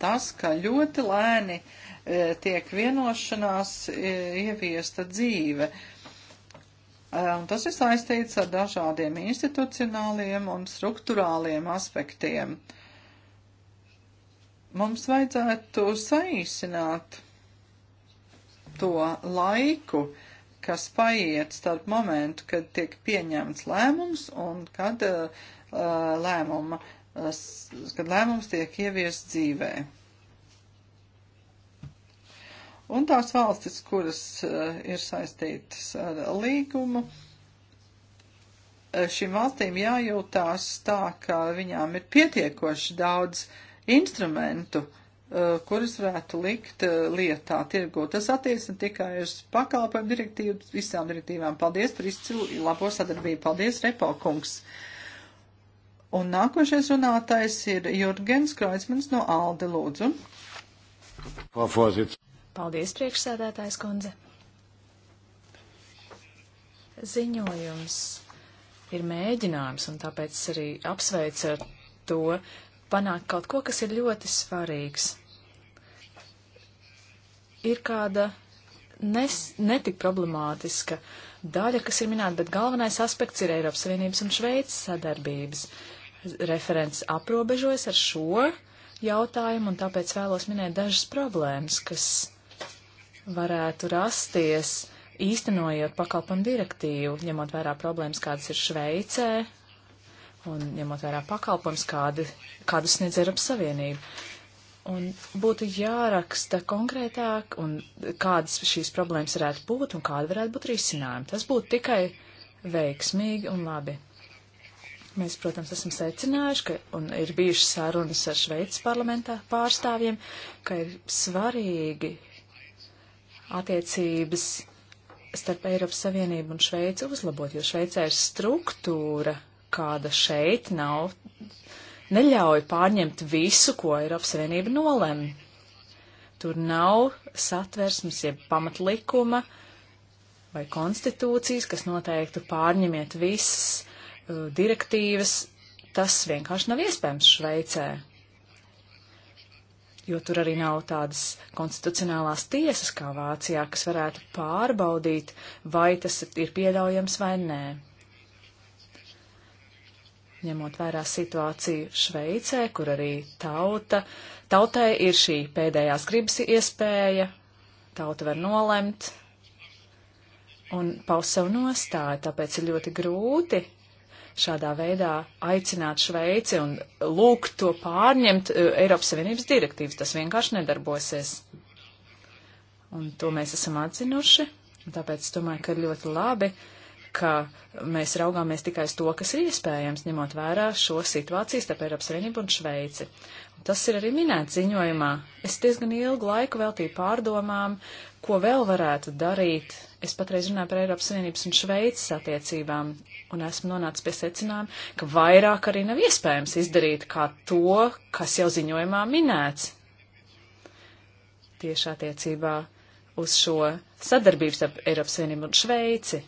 tas, ka ļoti lēni e, tiek vienošanās e, ieviesta dzīve. E, un tas ir saistīts ar dažādiem institucionāliem un struktūrāliem aspektiem. Mums vajadzētu saīsināt to laiku, kas paiet starp momentu, kad tiek pieņemts lēmums un kad uh, lēmuma uh, kad lēmums tiek ieviests dzīvē. Un tās valstis, kuras eh, ir saistītas ar līgumu, eh, šīm valstīm jājūtās tā, ka viņām ir pietiekoši daudz instrumentu, eh, kurus varētu likt lietā tirgu. Tas attiec ne tikai uz pakalpojumu direktīvu, visām direktīvām. Paldies par izcilu labo sadarbību. Paldies, Repo kungs. Un nākošais runātais ir Jurgens Kreuzmans no Alde Lūdzu. Paldies, priekšsēdētājs kundze. Ziņojums ir mēģinājums, un tāpēc arī apsveicu ar to panākt kaut ko, kas ir ļoti svarīgs. Ir kāda nes, netik problemātiska daļa, kas ir minēta, bet galvenais aspekts ir Eiropas Savienības un Šveicas sadarbības. Uh, referents aprobežojas ar šo jautājumu, un tāpēc vēlos minēt dažas problēmas, kas varētu rasties īstenojot pakalpojumu direktīvu, ņemot vērā problēmas, kādas ir Šveicē, un ņemot vērā pakalpojums, kādi, kādu sniedz Eiropas Savienība. Un būtu jāraksta konkrētāk, un kādas šīs problēmas varētu būt, un kāda varētu būt risinājuma. Tas būtu tikai veiksmīgi un labi. Mēs, protams, esam secinājuši, ka, un ir bijušas sarunas ar Šveices parlamentā pārstāvjiem, ka ir svarīgi attiecības starp Eiropas Savienību un Šveici uzlabot, jo Šveicē ir struktūra, kāda šeit nav, neļauj pārņemt visu, ko Eiropas Savienība nolem. Tur nav satversmes, jeb pamatlikuma vai konstitūcijas, kas noteiktu pārņemiet visas Uh, direktīvas, tas vienkārši nav iespējams Šveicē, jo tur arī nav tādas konstitucionālās tiesas kā Vācijā, kas varētu pārbaudīt, vai tas ir pieļaujams vai nē. Ņemot vērā situāciju Šveicē, kur arī tauta, tautai ir šī pēdējās gribas iespēja, tauta var nolemt un paust savu nostāju, tāpēc ir ļoti grūti šādā veidā aicināt Šveici un lūgt to pārņemt e, Eiropas Savienības direktīvas. Tas vienkārši nedarbosies. Un to mēs esam atzinuši. Tāpēc domāju, ka ir ļoti labi, ka mēs raugāmies tikai uz to, kas ir iespējams, ņemot vērā šo situāciju starp Eiropas Savienību un Šveici. Tas ir arī minēts ziņojumā. Es diezgan ilgu laiku veltīju pārdomām, ko vēl varētu darīt. Es patreiz runāju par Eiropas Savienības un Šveices attiecībām un esmu nonācis pie secinājuma, ka vairāk arī nav iespējams izdarīt kā to, kas jau ziņojumā minēts. Tieši attiecībā uz šo sadarbību starp Eiropas Savienību un Šveici,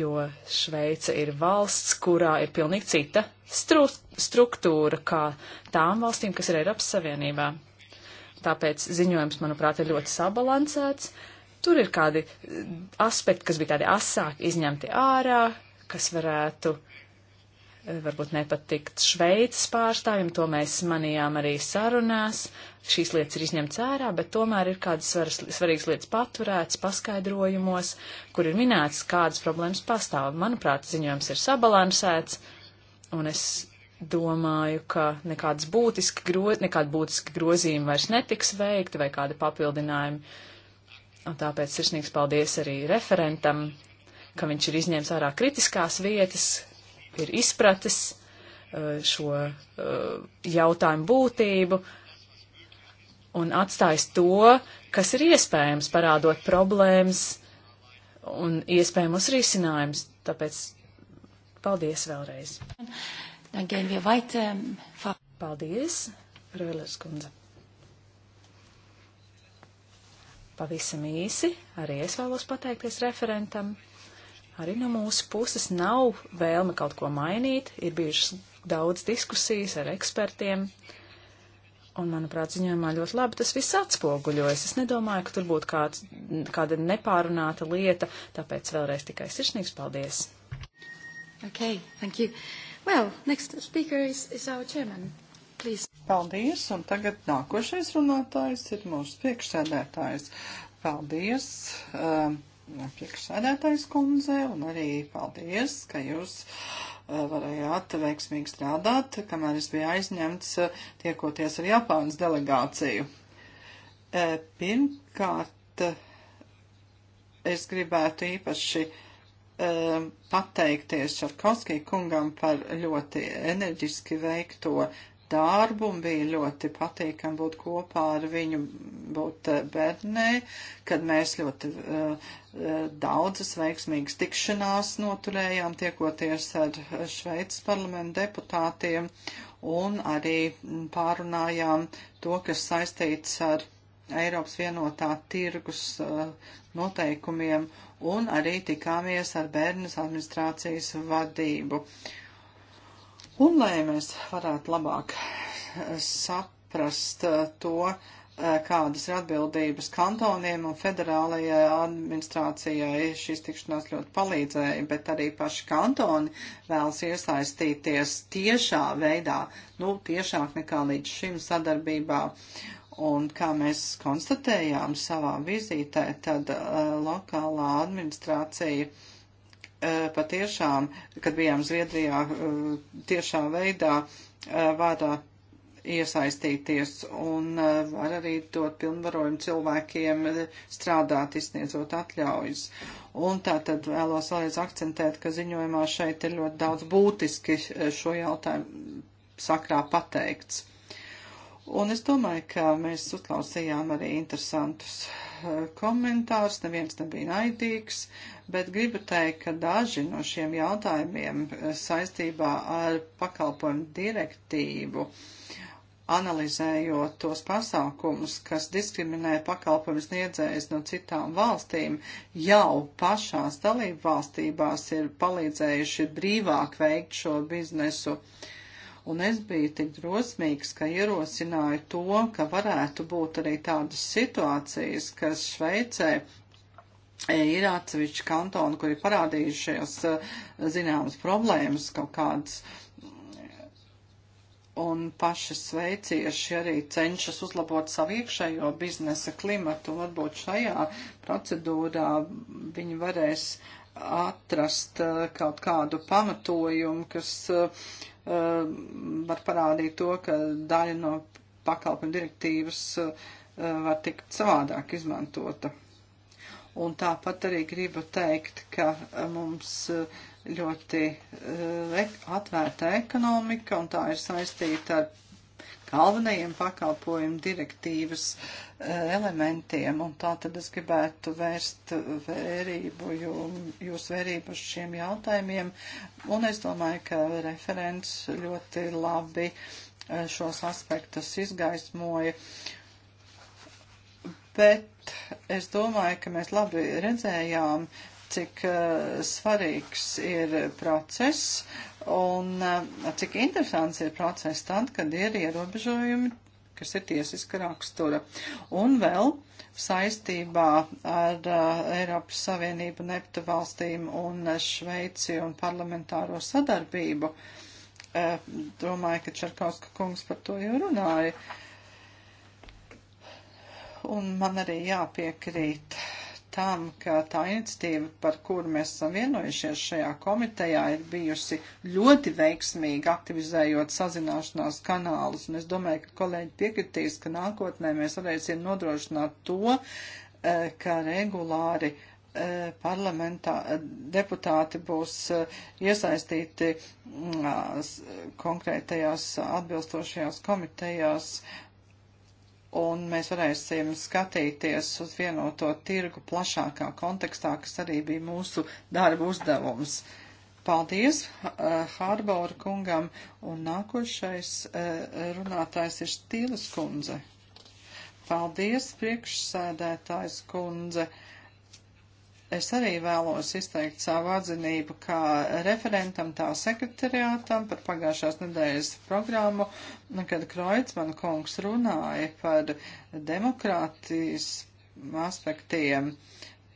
jo Šveice ir valsts, kurā ir pilnīgi cita stru struktūra kā tām valstīm, kas ir Eiropas Savienībā. Tāpēc ziņojums, manuprāt, ir ļoti sabalansēts Tur ir kādi eh, aspekti, kas bija tādi asāki izņemti ārā, kas varētu eh, varbūt nepatikt Šveices pārstāvjiem, to mēs manījām arī sarunās. Šīs lietas ir izņemts ārā, bet tomēr ir kādas svar, svarīgas lietas paturētas paskaidrojumos, kur ir minēts, kādas problēmas pastāv. Manuprāt, ziņojums ir sabalansēts, un es domāju, ka nekādas būtiski, gro, nekāda būtiski grozījumi vairs netiks veikti vai kādi papildinājumi. Uh, Un tāpēc sirsnīgs paldies arī referentam, ka viņš ir izņēmis ārā kritiskās vietas, ir izpratis uh, šo uh, jautājumu būtību un atstājis to, kas ir iespējams, parādot problēmas un iespējamos risinājumus. Tāpēc paldies vēlreiz. Um, paldies, Rēlers kundze. Pavisam īsi arī es vēlos pateikties referentam. Arī no mūsu puses nav vēlme kaut ko mainīt, ir bijušas daudz diskusijas ar ekspertiem, un, manuprāt, ziņojumā ļoti labi tas viss atspoguļojas. Es nedomāju, ka tur būtu kāds, kāda nepārunāta lieta, tāpēc vēlreiz tikai sirsnīgs paldies. Okay, thank you. Well, next speaker is, is our chairman please. Paldies, un tagad nākošais runātājs ir mūsu priekšsēdētājs. Paldies, uh, priekšsēdētājs kundze, un arī paldies, ka jūs uh, varējāt veiksmīgi strādāt, kamēr es biju aizņemts uh, tiekoties ar Japānas delegāciju. Uh, pirmkārt, uh, es gribētu īpaši um, pateikties Čarkovskij kungam par ļoti enerģiski veikto darbu un bija ļoti patīkami būt kopā ar viņu, būt eh, Bernē, kad mēs ļoti uh, daudzas veiksmīgas tikšanās noturējām, tiekoties ar Šveicas parlamentu deputātiem un arī mm, pārunājām to, kas saistīts ar Eiropas vienotā tirgus uh, noteikumiem un arī tikāmies ar Bērnas administrācijas vadību. Uh, Un lai mēs varētu labāk eh, saprast eh, to, eh, kādas ir atbildības kantoniem un federālajai administrācijai. Šis tikšanās ļoti palīdzēja, bet arī paši kantoni vēlas iesaistīties tiešā veidā, nu, tiešāk nekā līdz šim sadarbībā. Un kā mēs konstatējām savā vizītē, tad uh, lokālā administrācija uh, patiešām, kad bijām Zviedrijā, tiešā veidā vārdā iesaistīties un var arī dot pilnvarojumu cilvēkiem strādāt, izsniedzot atļaujas. Un tā tad vēlos vēlreiz akcentēt, ka ziņojumā šeit ir ļoti daudz būtiski šo jautājumu sakrā pateikts. Un es domāju, ka mēs uzklausījām arī interesantus eh, komentārus, neviens nebija naidīgs, bet gribu teikt, ka daži no šiem jautājumiem eh, saistībā ar pakalpojumu direktīvu, analizējot tos pasākumus, kas diskriminē pakalpojumu sniedzējus no citām valstīm, jau pašās dalību valstībās ir palīdzējuši brīvāk veikt šo biznesu. Uh, un es biju tik drosmīgs, ka ierosināju to, ka varētu būt arī tādas situācijas, kas Šveicē e, ir atsevišķi kantoni, kur ir parādījušies e, zināmas problēmas kaut kādas. Un paši sveicieši arī cenšas uzlabot savu iekšējo biznesa klimatu, un varbūt šajā procedūrā viņi varēs atrast e, kaut kādu pamatojumu, kas Ehm, var parādīt to, ka daļa no pakalpojumu direktīvas eh, var tikt savādāk izmantota. Un tāpat arī gribu teikt, ka eh, mums eh, ļoti e-, atvērta ekonomika, un tā ir saistīta ar galvenajiem pakalpojumu direktīvas eh, elementiem, un tā tad es gribētu vērst vērību, jūs vērību uz šiem jautājumiem, un es domāju, ka referents ļoti labi eh, šos aspektus izgaismoja. Bet es domāju, ka mēs labi redzējām, uh, cik eh, svarīgs ir process un eh, cik interesants ir process tad, kad ir ierobežojumi, kas ir tiesiska rakstura. Un vēl saistībā ar eh, Eiropas Savienību, Neptu valstīm un Šveici un parlamentāro sadarbību. Domāju, ka Čerkauska kungs par to jau runāja. Un man arī jāpiekrīt uh, tam, ka tā iniciatīva, par kuru mēs esam vienojušies šajā komitejā, ir bijusi ļoti veiksmīga aktivizējot sazināšanās kanālus, un es domāju, ka kolēģi piekritīs, ka nākotnē mēs varēsim nodrošināt to, eh, ka regulāri eh, parlamentā eh, deputāti būs iesaistīti mm, konkrētajās atbilstošajās komitejās, uh, un mēs varēsim skatīties uz vienoto tirgu plašākā kontekstā, kas arī bija mūsu darba uzdevums. Paldies uh, Hārbaura kungam, un nākošais uh, runātājs ir Stīles kundze. Paldies, priekšsēdētājs kundze. Uh, Es arī vēlos izteikt savu atzinību kā referentam tā sekretariātam par pagājušās nedēļas programmu, nu, kad Kreutzmann kungs runāja par demokrātijas aspektiem.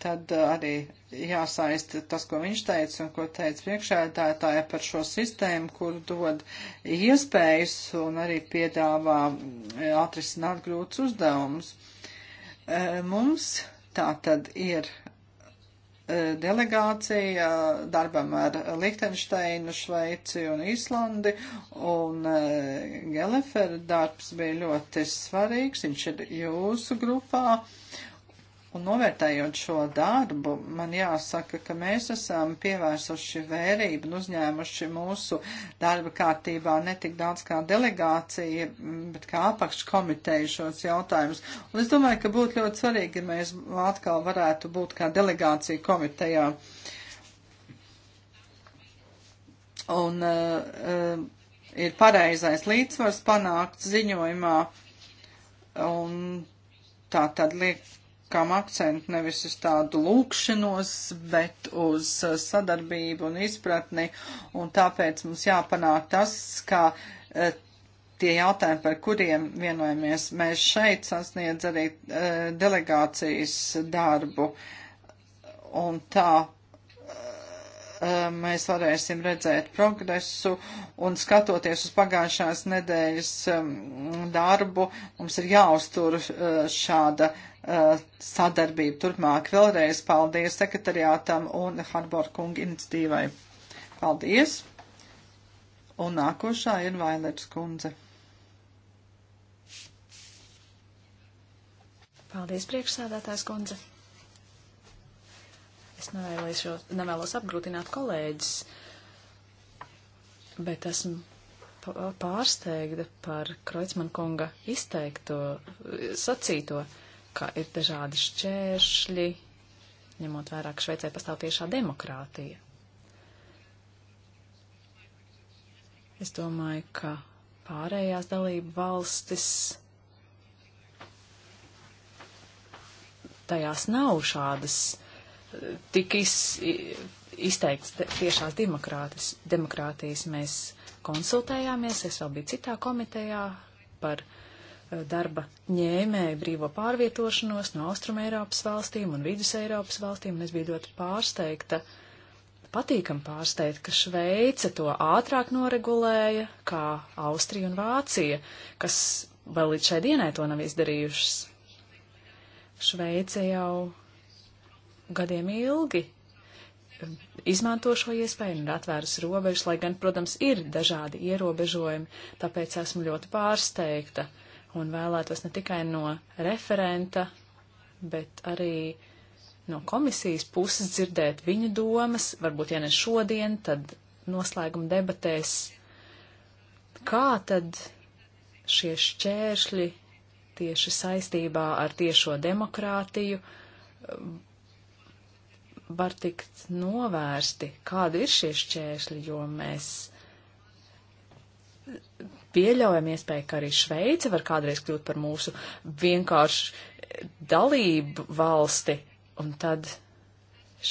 Tad arī jāsaista tas, ko viņš teica un ko teica priekšēdētāja par šo sistēmu, kur dod iespējas un arī piedāvā atrisināt grūts uzdevumus. Mums tā tad ir E, delegācija darbam ar Lihtenšteinu, Šveici un Īslandi, un e, Gelefera darbs bija ļoti svarīgs, viņš ir jūsu grupā, Un novērtējot šo darbu, man jāsaka, ka mēs esam pievērsuši vērību un uzņēmuši mūsu darba kārtībā ne tik daudz kā delegācija, bet kā apakškomiteja šos jautājumus. Un es domāju, ka būtu ļoti svarīgi, ja mēs atkal varētu būt kā delegācija komitejā. Un uh, uh, ir pareizais līdzsvars panākt ziņojumā. Un tā tad liek liekam akcentu nevis uz tādu lūkšanos, bet uz uh, sadarbību un izpratni, un tāpēc mums jāpanāk tas, ka e, tie jautājumi, par kuriem vienojamies, mēs šeit sasniedz arī e, delegācijas darbu, un tā Ehm, mēs varēsim redzēt progresu un skatoties uz pagājušās nedēļas ehm, darbu, mums ir jāuztur ehm, šāda sadarbība turpmāk. Vēlreiz paldies sekretariātam un Harbor kunga iniciatīvai. Paldies! Un nākošā ir Vailers kundze. Paldies, priekšsādātājs kundze! Es nevēlos apgrūtināt kolēģis, bet esmu pārsteigta par Kreutzmann kunga izteikto, sacīto, ka ir dažādi šķēršļi, ņemot vērā, ka Šveicē pastāv tiešā demokrātija. Es domāju, ka pārējās dalību valstis tajās nav šādas tik iz, izteikts tiešās demokrātis, demokrātijas. Mēs konsultējāmies, es vēl biju citā komitejā par eh, darba ņēmēju brīvo pārvietošanos no Austrum Eiropas valstīm un Vidus Eiropas valstīm, un es biju ļoti pārsteigta, patīkam pārsteigta, ka Šveice to ātrāk noregulēja kā Austrija un Vācija, kas vēl līdz šai dienai to nav izdarījušas. Šveice jau gadiem ilgi izmanto šo iespēju un ir atvērusi robežas, lai gan, protams, ir dažādi ierobežojumi, tāpēc esmu ļoti pārsteigta un vēlētos ne tikai no referenta, bet arī no komisijas puses dzirdēt viņu domas, varbūt, ja ne šodien, tad noslēguma debatēs, kā tad šie šķēršļi tieši saistībā ar tiešo demokrātiju var tikt novērsti, kādi ir šie šķēršļi, jo mēs pieļaujam iespēju, ka arī Šveice var kādreiz kļūt par mūsu vienkārši dalību valsti, un tad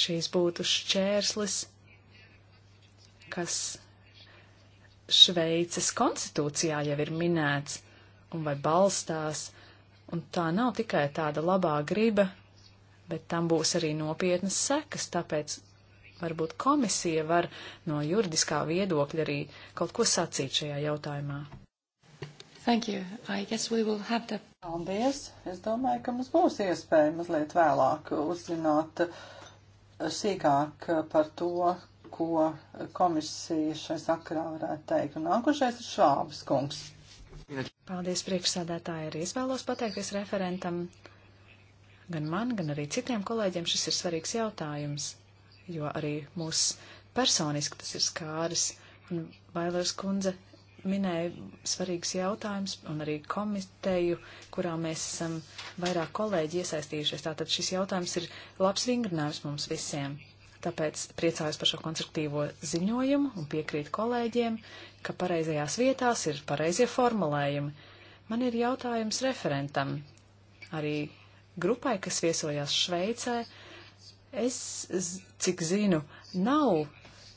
šīs būtu šķērslis, kas Šveices konstitūcijā jau ir minēts un vai balstās, un tā nav tikai tāda labā griba, bet tam būs arī nopietnas sekas, tāpēc varbūt komisija var no juridiskā viedokļa arī kaut ko sacīt šajā jautājumā. Thank you. I guess we will have the... Paldies. Es domāju, ka mums būs iespēja mazliet vēlāk uzzināt eh, sīkāk eh, par to, ko komisija šai sakarā varētu teikt. Un nākošais ir Švābas kungs. Paldies priekšsādātāji. Arī es vēlos pateikties referentam Gan man, gan arī citiem kolēģiem šis ir svarīgs jautājums, jo arī mūs personiski tas ir skāris. Un Vailers kundze minēja svarīgs jautājums un arī komiteju, kurā mēs esam vairāk kolēģi iesaistījušies. Tātad šis jautājums ir labs vingrinājums mums visiem. Tāpēc priecājos par šo konstruktīvo ziņojumu un piekrītu kolēģiem, ka pareizajās vietās ir pareizie formulējumi. Man ir jautājums referentam, arī grupai, kas viesojās Šveicē. Es, cik zinu, nav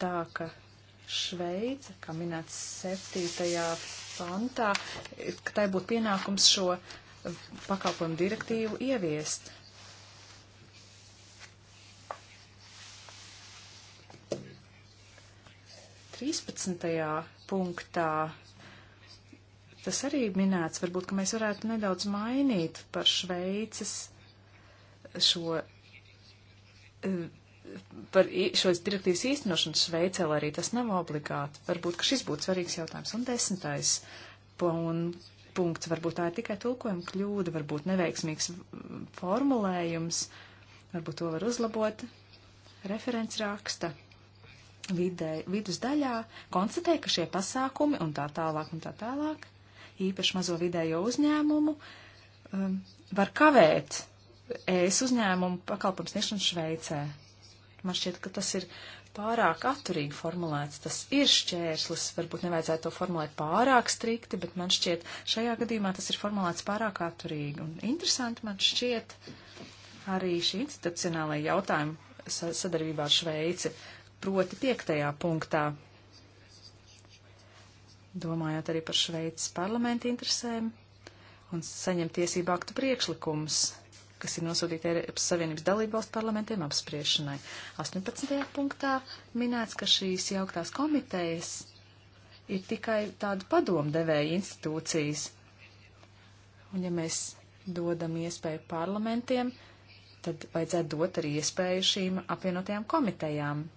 tā, ka Šveice, kā minēts 7. pantā, ka tai būtu pienākums šo pakalpojumu direktīvu ieviest. Trīspadsmitajā punktā Tas arī minēts, varbūt, ka mēs varētu nedaudz mainīt par Šveices šo, e, par šos direktīvas īstenošanu Šveicē, lai arī tas nav obligāti. Varbūt, ka šis būtu svarīgs jautājums. Un desmitais un punkts, varbūt tā ir tikai tulkojuma kļūda, varbūt neveiksmīgs formulējums, varbūt to var uzlabot. Referents raksta vidē, vidus daļā, konstatēja, ka šie pasākumi un tā tālāk un tā tālāk īpaši mazo vidējo uzņēmumu, um, var kavēt ES uzņēmumu pakalpojumu sniegšanu Šveicē. Man šķiet, ka tas ir pārāk atturīgi formulēts. Tas ir šķērslis, varbūt nevajadzētu to formulēt pārāk strikti, bet man šķiet, šajā gadījumā tas ir formulēts pārāk atturīgi. Un interesanti man šķiet arī šī institucionālai jautājuma sadarbībā ar Šveici, proti piektajā punktā domājot arī par Šveices parlamenta interesēm un saņemt tiesību aktu priekšlikumus, kas ir nosūtīti Eiropas Savienības dalībvalstu parlamentiem apspriešanai. 18. punktā minēts, ka šīs jauktās komitejas ir tikai tāda padomdevēja institūcijas. Un ja mēs dodam iespēju parlamentiem, tad vajadzētu dot arī iespēju šīm apvienotajām komitejām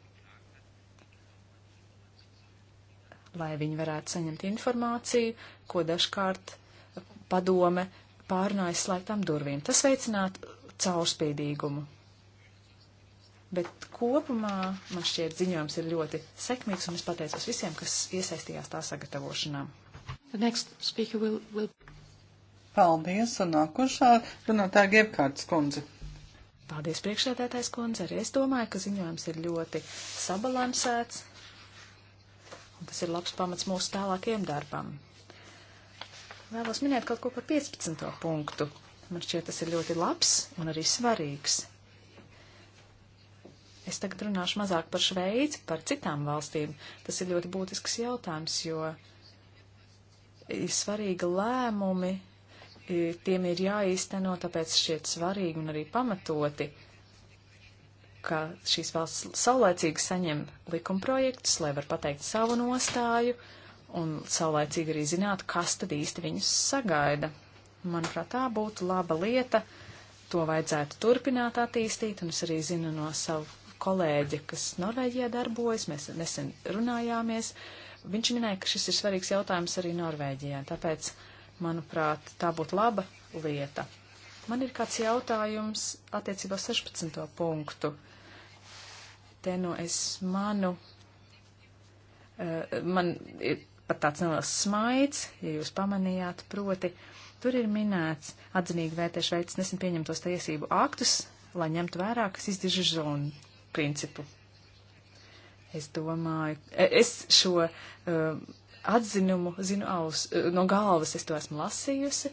lai viņi varētu saņemt informāciju, ko dažkārt padome pārnājas slēgtām durvīm. Tas veicinātu caurspīdīgumu. Bet kopumā man šķiet ziņojums ir ļoti sekmīgs, un es pateicos visiem, kas iesaistījās tā sagatavošanā. Will, will... Paldies, un nākošā runātāja Gebkārtas kundze. Paldies, priekšsēdētājs kundze. Arī es domāju, ka ziņojums ir ļoti sabalansēts, Un tas ir labs pamats mūsu tālākajam darbam. Vēlos minēt kaut ko par 15. punktu. Man šķiet, tas ir ļoti labs un arī svarīgs. Es tagad runāšu mazāk par Šveici, par citām valstīm. Tas ir ļoti būtisks jautājums, jo ir svarīgi lēmumi, tiem ir jāīsteno, tāpēc šķiet svarīgi un arī pamatoti ka šīs valsts saulēcīgi saņem likumprojektus, lai var pateikt savu nostāju un saulēcīgi arī zinātu, kas tad īsti viņus sagaida. Manuprāt, tā būtu laba lieta, to vajadzētu turpināt attīstīt, un es arī zinu no savu kolēģi, kas Norvēģijā darbojas, mēs nesen runājāmies, viņš minēja, ka šis ir svarīgs jautājums arī Norvēģijā, tāpēc, manuprāt, tā būtu laba lieta. Man ir kāds jautājums attiecībā 16. punktu. Uh, te nu es manu, eh, man ir pat tāds neliels smaids, ja jūs pamanījāt, proti, tur ir minēts atzinīgi vērtē Šveicis nesen pieņemtos tiesību aktus, lai ņemtu vērā, kas izdiži žonu principu. Es domāju, e, es šo uh, atzinumu zinu aus, uh, no galvas, es to esmu lasījusi,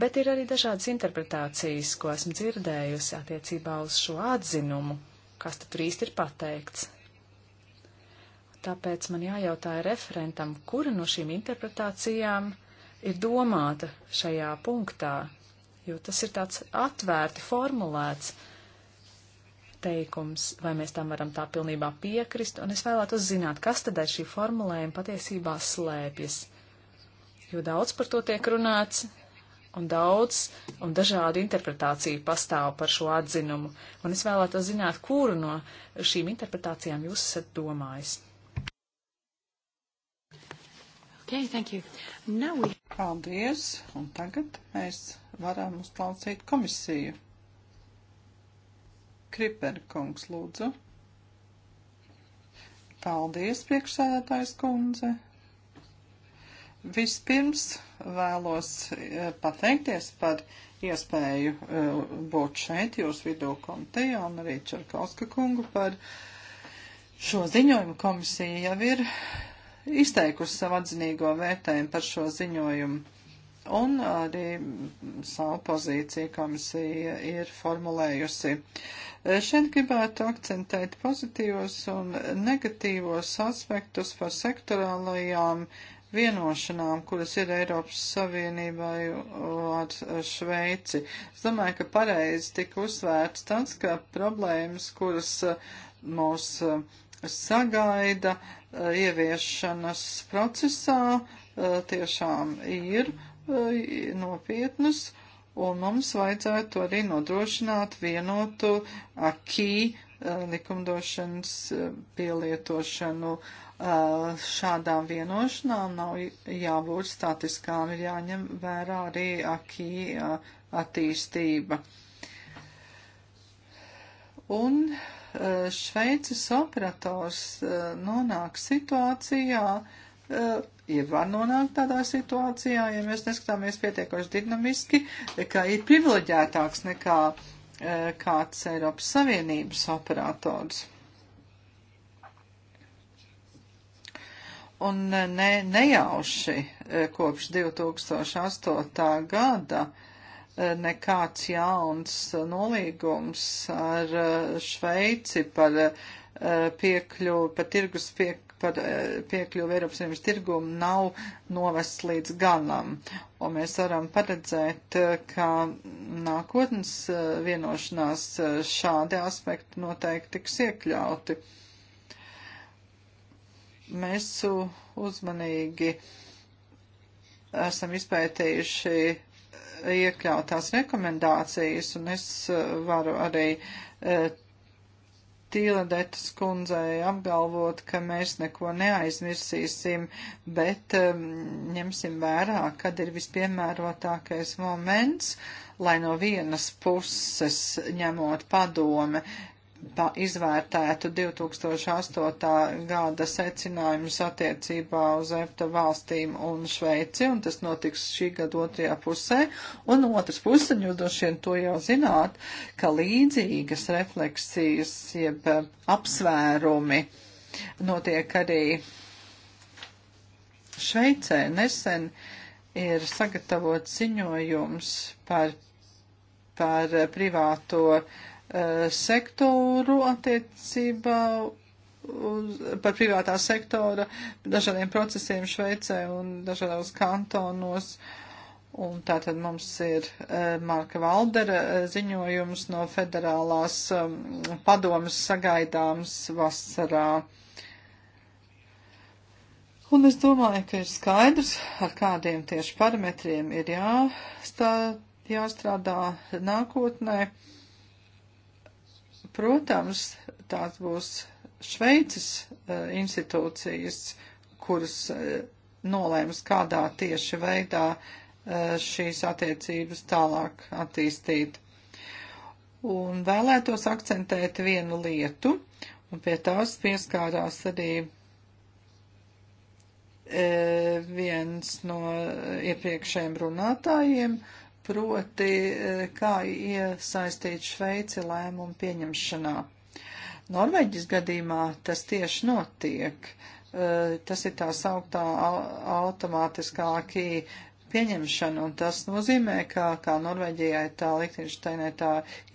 bet ir arī dažādas interpretācijas, ko esmu dzirdējusi attiecībā uz šo atzinumu kas tad tur īsti ir pateikts. Tāpēc man jājautā referentam, kura no šīm interpretācijām ir domāta šajā punktā, jo tas ir tāds atvērti formulēts teikums, vai mēs tam varam tā pilnībā piekrist, un es vēlētos zināt, kas tad aiz šī formulējuma patiesībā slēpjas. Jo daudz par to tiek runāts, un daudz un dažādu interpretāciju pastāv par šo atzinumu, un es vēlētos zināt, kuru no šīm interpretācijām jūs esat domājis. Okay, thank you. Now we... Paldies, un tagad mēs varam uzklausīt komisiju. Kriperkungs, lūdzu. Paldies, priekšsēdētājs kundze. Vispirms vēlos eh, pateikties par iespēju eh, būt šeit jūs vidū komiteja un arī Čerkauska kungu par šo ziņojumu komisija jau ir izteikusi savu atzinīgo vērtējumu par šo ziņojumu. Un arī savu pozīciju komisija ir formulējusi. Eh, šeit gribētu akcentēt pozitīvos un negatīvos aspektus par sektorālajām uh, vienošanām, kuras ir Eiropas Savienībai ar Šveici. Es domāju, ka pareizi tika uzsvērts tas, ka problēmas, kuras mūs sagaida ieviešanas procesā, tiešām ir nopietnas, un mums vajadzētu arī nodrošināt vienotu akī Uh, likumdošanas uh, pielietošanu uh, šādām vienošanām nav jābūt statiskām, ir jāņem vērā arī akī attīstība. Un Šveices operators nonāk situācijā, ja var nonākt tādā situācijā, ja mēs neskatāmies pietiekoši dinamiski, ka ir privileģētāks nekā uh, Eh, kāds Eiropas Savienības operators. Un eh, ne, nejauši eh, kopš 2008. gada nekāds jauns nolīgums ar Šveici par piekļuvi, par tirgus piek, par e, piekļuvu Eiropas Savienības tirgumu nav novests līdz galam. Un mēs varam paredzēt, e, ka nākotnes e, vienošanās šādi aspekti noteikti tiks iekļauti. Mēs uzmanīgi esam izpētījuši iekļautās rekomendācijas, un es varu arī Tīledetas kundzei apgalvot, ka mēs neko neaizmirsīsim, bet um, ņemsim vērā, kad ir vispiemērotākais moments, lai no vienas puses ņemot padome tā izvērtētu 2008. gada secinājumus attiecībā uz EFTA valstīm un Šveici, un tas notiks šī gada otrajā pusē. Un no otrs puses, jūs droši vien to jau zināt, ka līdzīgas refleksijas, jeb eh, apsvērumi notiek arī Šveicē. Nesen ir sagatavots ziņojums par, par privāto uh, Uh, sektoru attiecībā uz, par privātā sektora dažādiem procesiem Šveicē un dažādos kantonos. Un tātad mums ir uh, Marka Valdera uh, ziņojums no federālās um, padomas sagaidāms vasarā. Un es domāju, ka ir skaidrs, ar kādiem tieši parametriem ir jāstā, jāstrādā nākotnē. Protams, tās būs Šveices e, institūcijas, kuras e, nolēms, kādā tieši veidā e, šīs attiecības tālāk attīstīt. Un vēlētos akcentēt vienu lietu, un pie tās pieskārās arī viens no iepriekšējiem runātājiem. Uh, proti eh, kā iesaistīt Šveici lēmumu pieņemšanā. Norvēģis gadījumā tas tieši notiek. Eh, tas ir tā sauktā automātiskākī pieņemšana, un tas nozīmē, ka kā Norvēģijai, tā Liechtensteinai, tā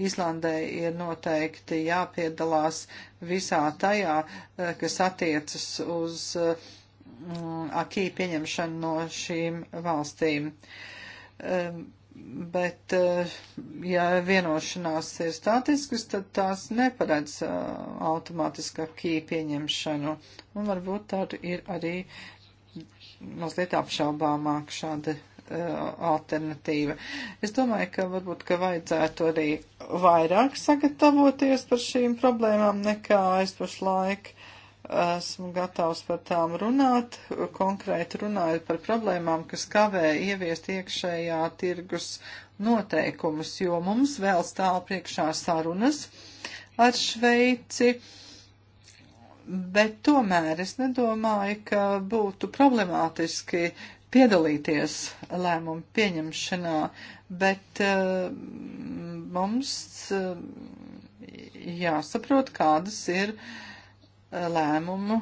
Islandē ir noteikti jāpiedalās visā tajā, eh, kas attiecas uz mm, akī pieņemšanu no šīm valstīm. Um, bet eh, ja vienošanās ir statiskas, tad tās neparedz eh, automātiskā kī pieņemšanu. Un varbūt tad ir arī mazliet apšaubāmāk šāda eh, alternatīva. Es domāju, ka varbūt, ka vajadzētu arī vairāk sagatavoties par šīm problēmām nekā es pašlaik Esmu gatavs par tām runāt, konkrēti runājot par problēmām, kas kavē ieviest iekšējā tirgus noteikumus, jo mums vēl stāv priekšā sarunas ar Šveici bet tomēr es nedomāju, ka būtu problemātiski piedalīties lēmumu pieņemšanā, bet uh, mums uh, jāsaprot, kādas ir uh, lēmumu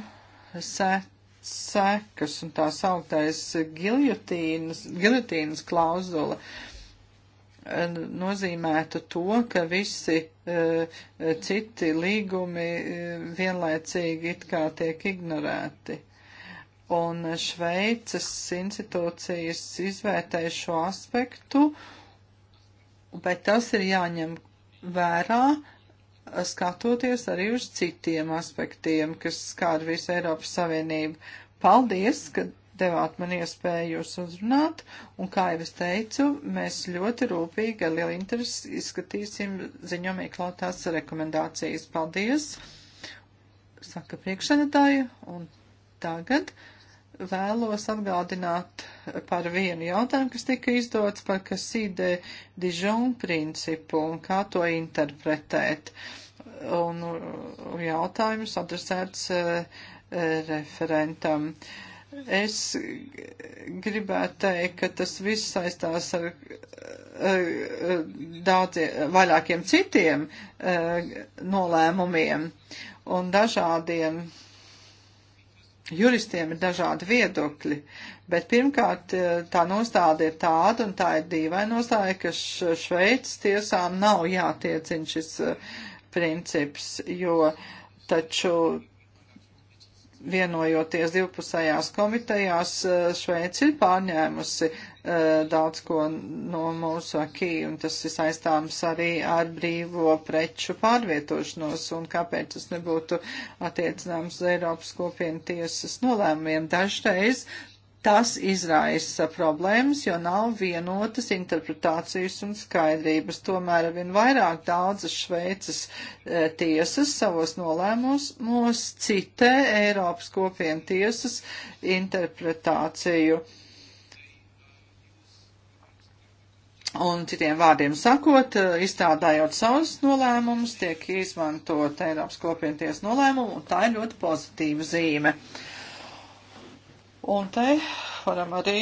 sekas un tā sauktais giljotīnas, giljotīnas klauzula eh, nozīmētu to, ka visi uh, citi līgumi uh, vienlaicīgi it kā tiek ignorēti. Un Šveices institūcijas izvērtē šo aspektu, bet tas ir jāņem vērā, skatoties arī uz citiem aspektiem, kas skār visu Eiropas Savienību. Paldies, ka devāt man iespēju jūs uzrunāt, un kā jau es teicu, mēs ļoti rūpīgi ar lielu interesi izskatīsim ziņom iekļautās rekomendācijas. Paldies, saka priekšsēdētāja, un tagad vēlos atgādināt par vienu jautājumu, kas tika izdots par Kasīdē Dižon principu un kā to interpretēt. Un uh, jautājums adresēts uh, referentam. Es gribētu teikt, ka tas viss saistās ar uh, daudziem, vairākiem citiem nolēmumiem un dažādiem juristiem ir dažādi viedokļi, bet pirmkārt eh, tā nostāda ir tāda, un tā ir dīvaina nostāja, ka Šveicas tiesām nav jātiecina šis eh, princips, jo taču vienojoties divpusējās komitejās, eh, Šveici ir pārņēmusi eh, daudz ko no mūsu akī, un tas ir saistāms arī ar brīvo preču pārvietošanos, un kāpēc tas nebūtu attiecināms uz Eiropas kopienu tiesas nolēmumiem. Dažreiz Tas izraisa problēmas, jo nav vienotas interpretācijas un skaidrības. Tomēr vien vairāk daudzas Šveices e, tiesas savos nolēmumos citē Eiropas kopienu tiesas interpretāciju. Un citiem vārdiem sakot, e, izstrādājot savus nolēmumus, tiek izmantot Eiropas kopienties nolēmumu, un tā ir ļoti pozitīva zīme. Uh, Un te varam arī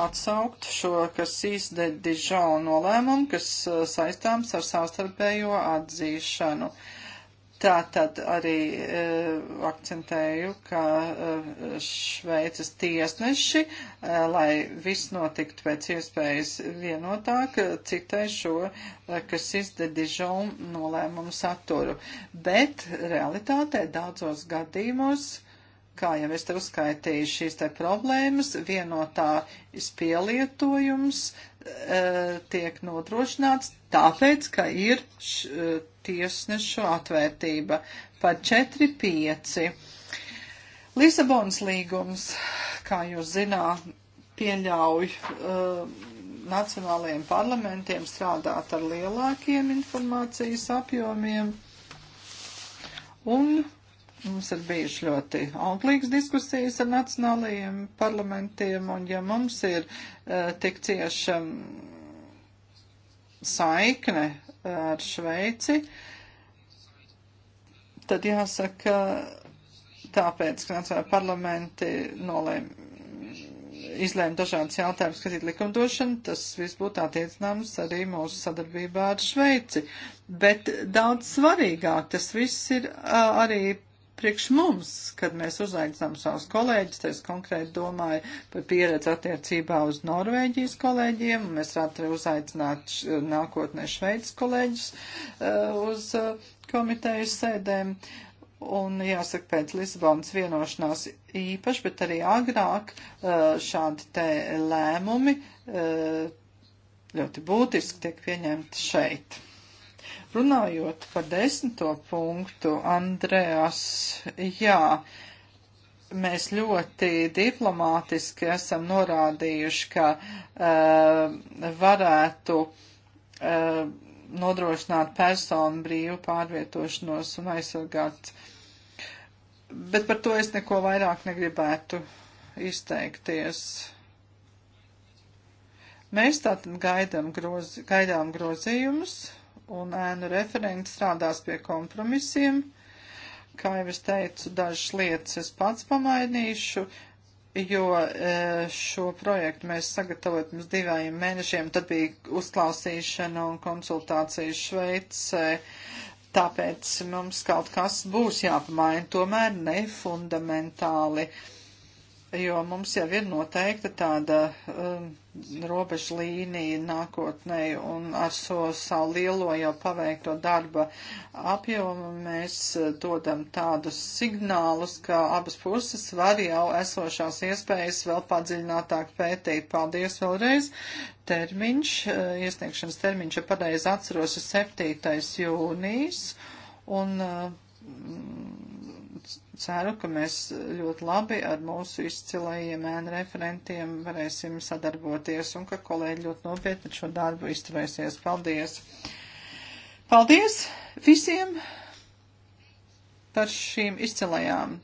atsaukt šo Kasīs de Dižon nolēmumu, kas uh, saistāms ar savstarpējo atzīšanu. Tā tad arī uh, akcentēju, ka uh, Šveices tiesneši, uh, lai viss notiktu pēc iespējas vienotāk, citē šo, uh, kas izdedižom nolēmumu saturu. Bet realitātē daudzos gadījumos kā jau es te uzskaitīju, šīs te problēmas, vienotā pielietojums e, tiek nodrošināts tāpēc, ka ir š, e, tiesnešu atvērtība par 4-5. Lisabonas līgums, kā jūs zināt, pieļauj e, nacionālajiem parlamentiem strādāt ar lielākiem informācijas apjomiem. Un Mums ir bijuši ļoti auglīgas diskusijas ar nacionālajiem parlamentiem, un ja mums ir uh, tik cieša um, saikne ar Šveici, tad jāsaka, tāpēc, ka nacionālajā parlamenti nolēma izlēma dažādas jautājumas, kas ir likumdošana, tas viss būtu attiecināms arī mūsu sadarbībā ar Šveici. Bet daudz svarīgāk tas viss ir arī priekš mums, kad mēs uzaicinām savus kolēģus, es konkrēti domāju par pieredzi attiecībā uz Norvēģijas kolēģiem, un mēs varētu uzaicināt š, nākotnē Šveicis kolēģus uh, uz uh, komitejas sēdēm. Un jāsaka, pēc Lisabonas vienošanās īpaši, bet arī agrāk uh, šādi te lēmumi ļoti būtiski tiek pieņemti šeit. Runājot par desmito punktu, Andrejas, jā, mēs ļoti diplomātiski esam norādījuši, ka uh, varētu uh, nodrošināt personu brīvu pārvietošanos un aizsargāt. Bet par to es neko vairāk negribētu izteikties. Mēs tātad gaidām, grozi, gaidām grozījumus un ēnu referenti strādās pie kompromisiem. Kā jau es teicu, dažas lietas es pats pamainīšu, jo e, šo projektu mēs sagatavot mums divējiem mēnešiem, tad bija uzklausīšana un konsultācija Šveicē, tāpēc mums kaut kas būs jāpamaina, tomēr ne fundamentāli. Uh, jo mums jau ir noteikta tāda um, robeža līnija nākotnē, un ar so, savu lielo jau paveikto darba apjomu mēs uh, dodam tādus signālus, ka abas puses var jau esošās iespējas vēl padziļinātāk pētīt. Paldies vēlreiz! Termiņš, uh, iesniegšanas termiņš, ja pareizi atceros, ir 7. jūnijas, un um, ceru, ka mēs ļoti labi ar mūsu izcilajiem ēnu referentiem varēsim sadarboties un ka kolēģi ļoti nopietni šo darbu izturēsies. Paldies! Paldies visiem par šīm izcilajām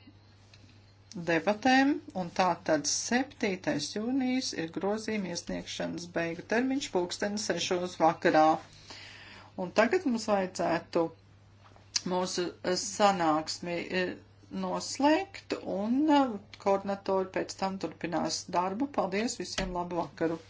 debatēm, un tā tad 7. jūnijas ir grozījuma iesniegšanas beigu termiņš pulksten 6. vakarā. Un tagad mums vajadzētu mūsu sanāksmi eh, noslēgt, un eh, koordinatori pēc tam turpinās darbu. Paldies visiem, labu vakaru!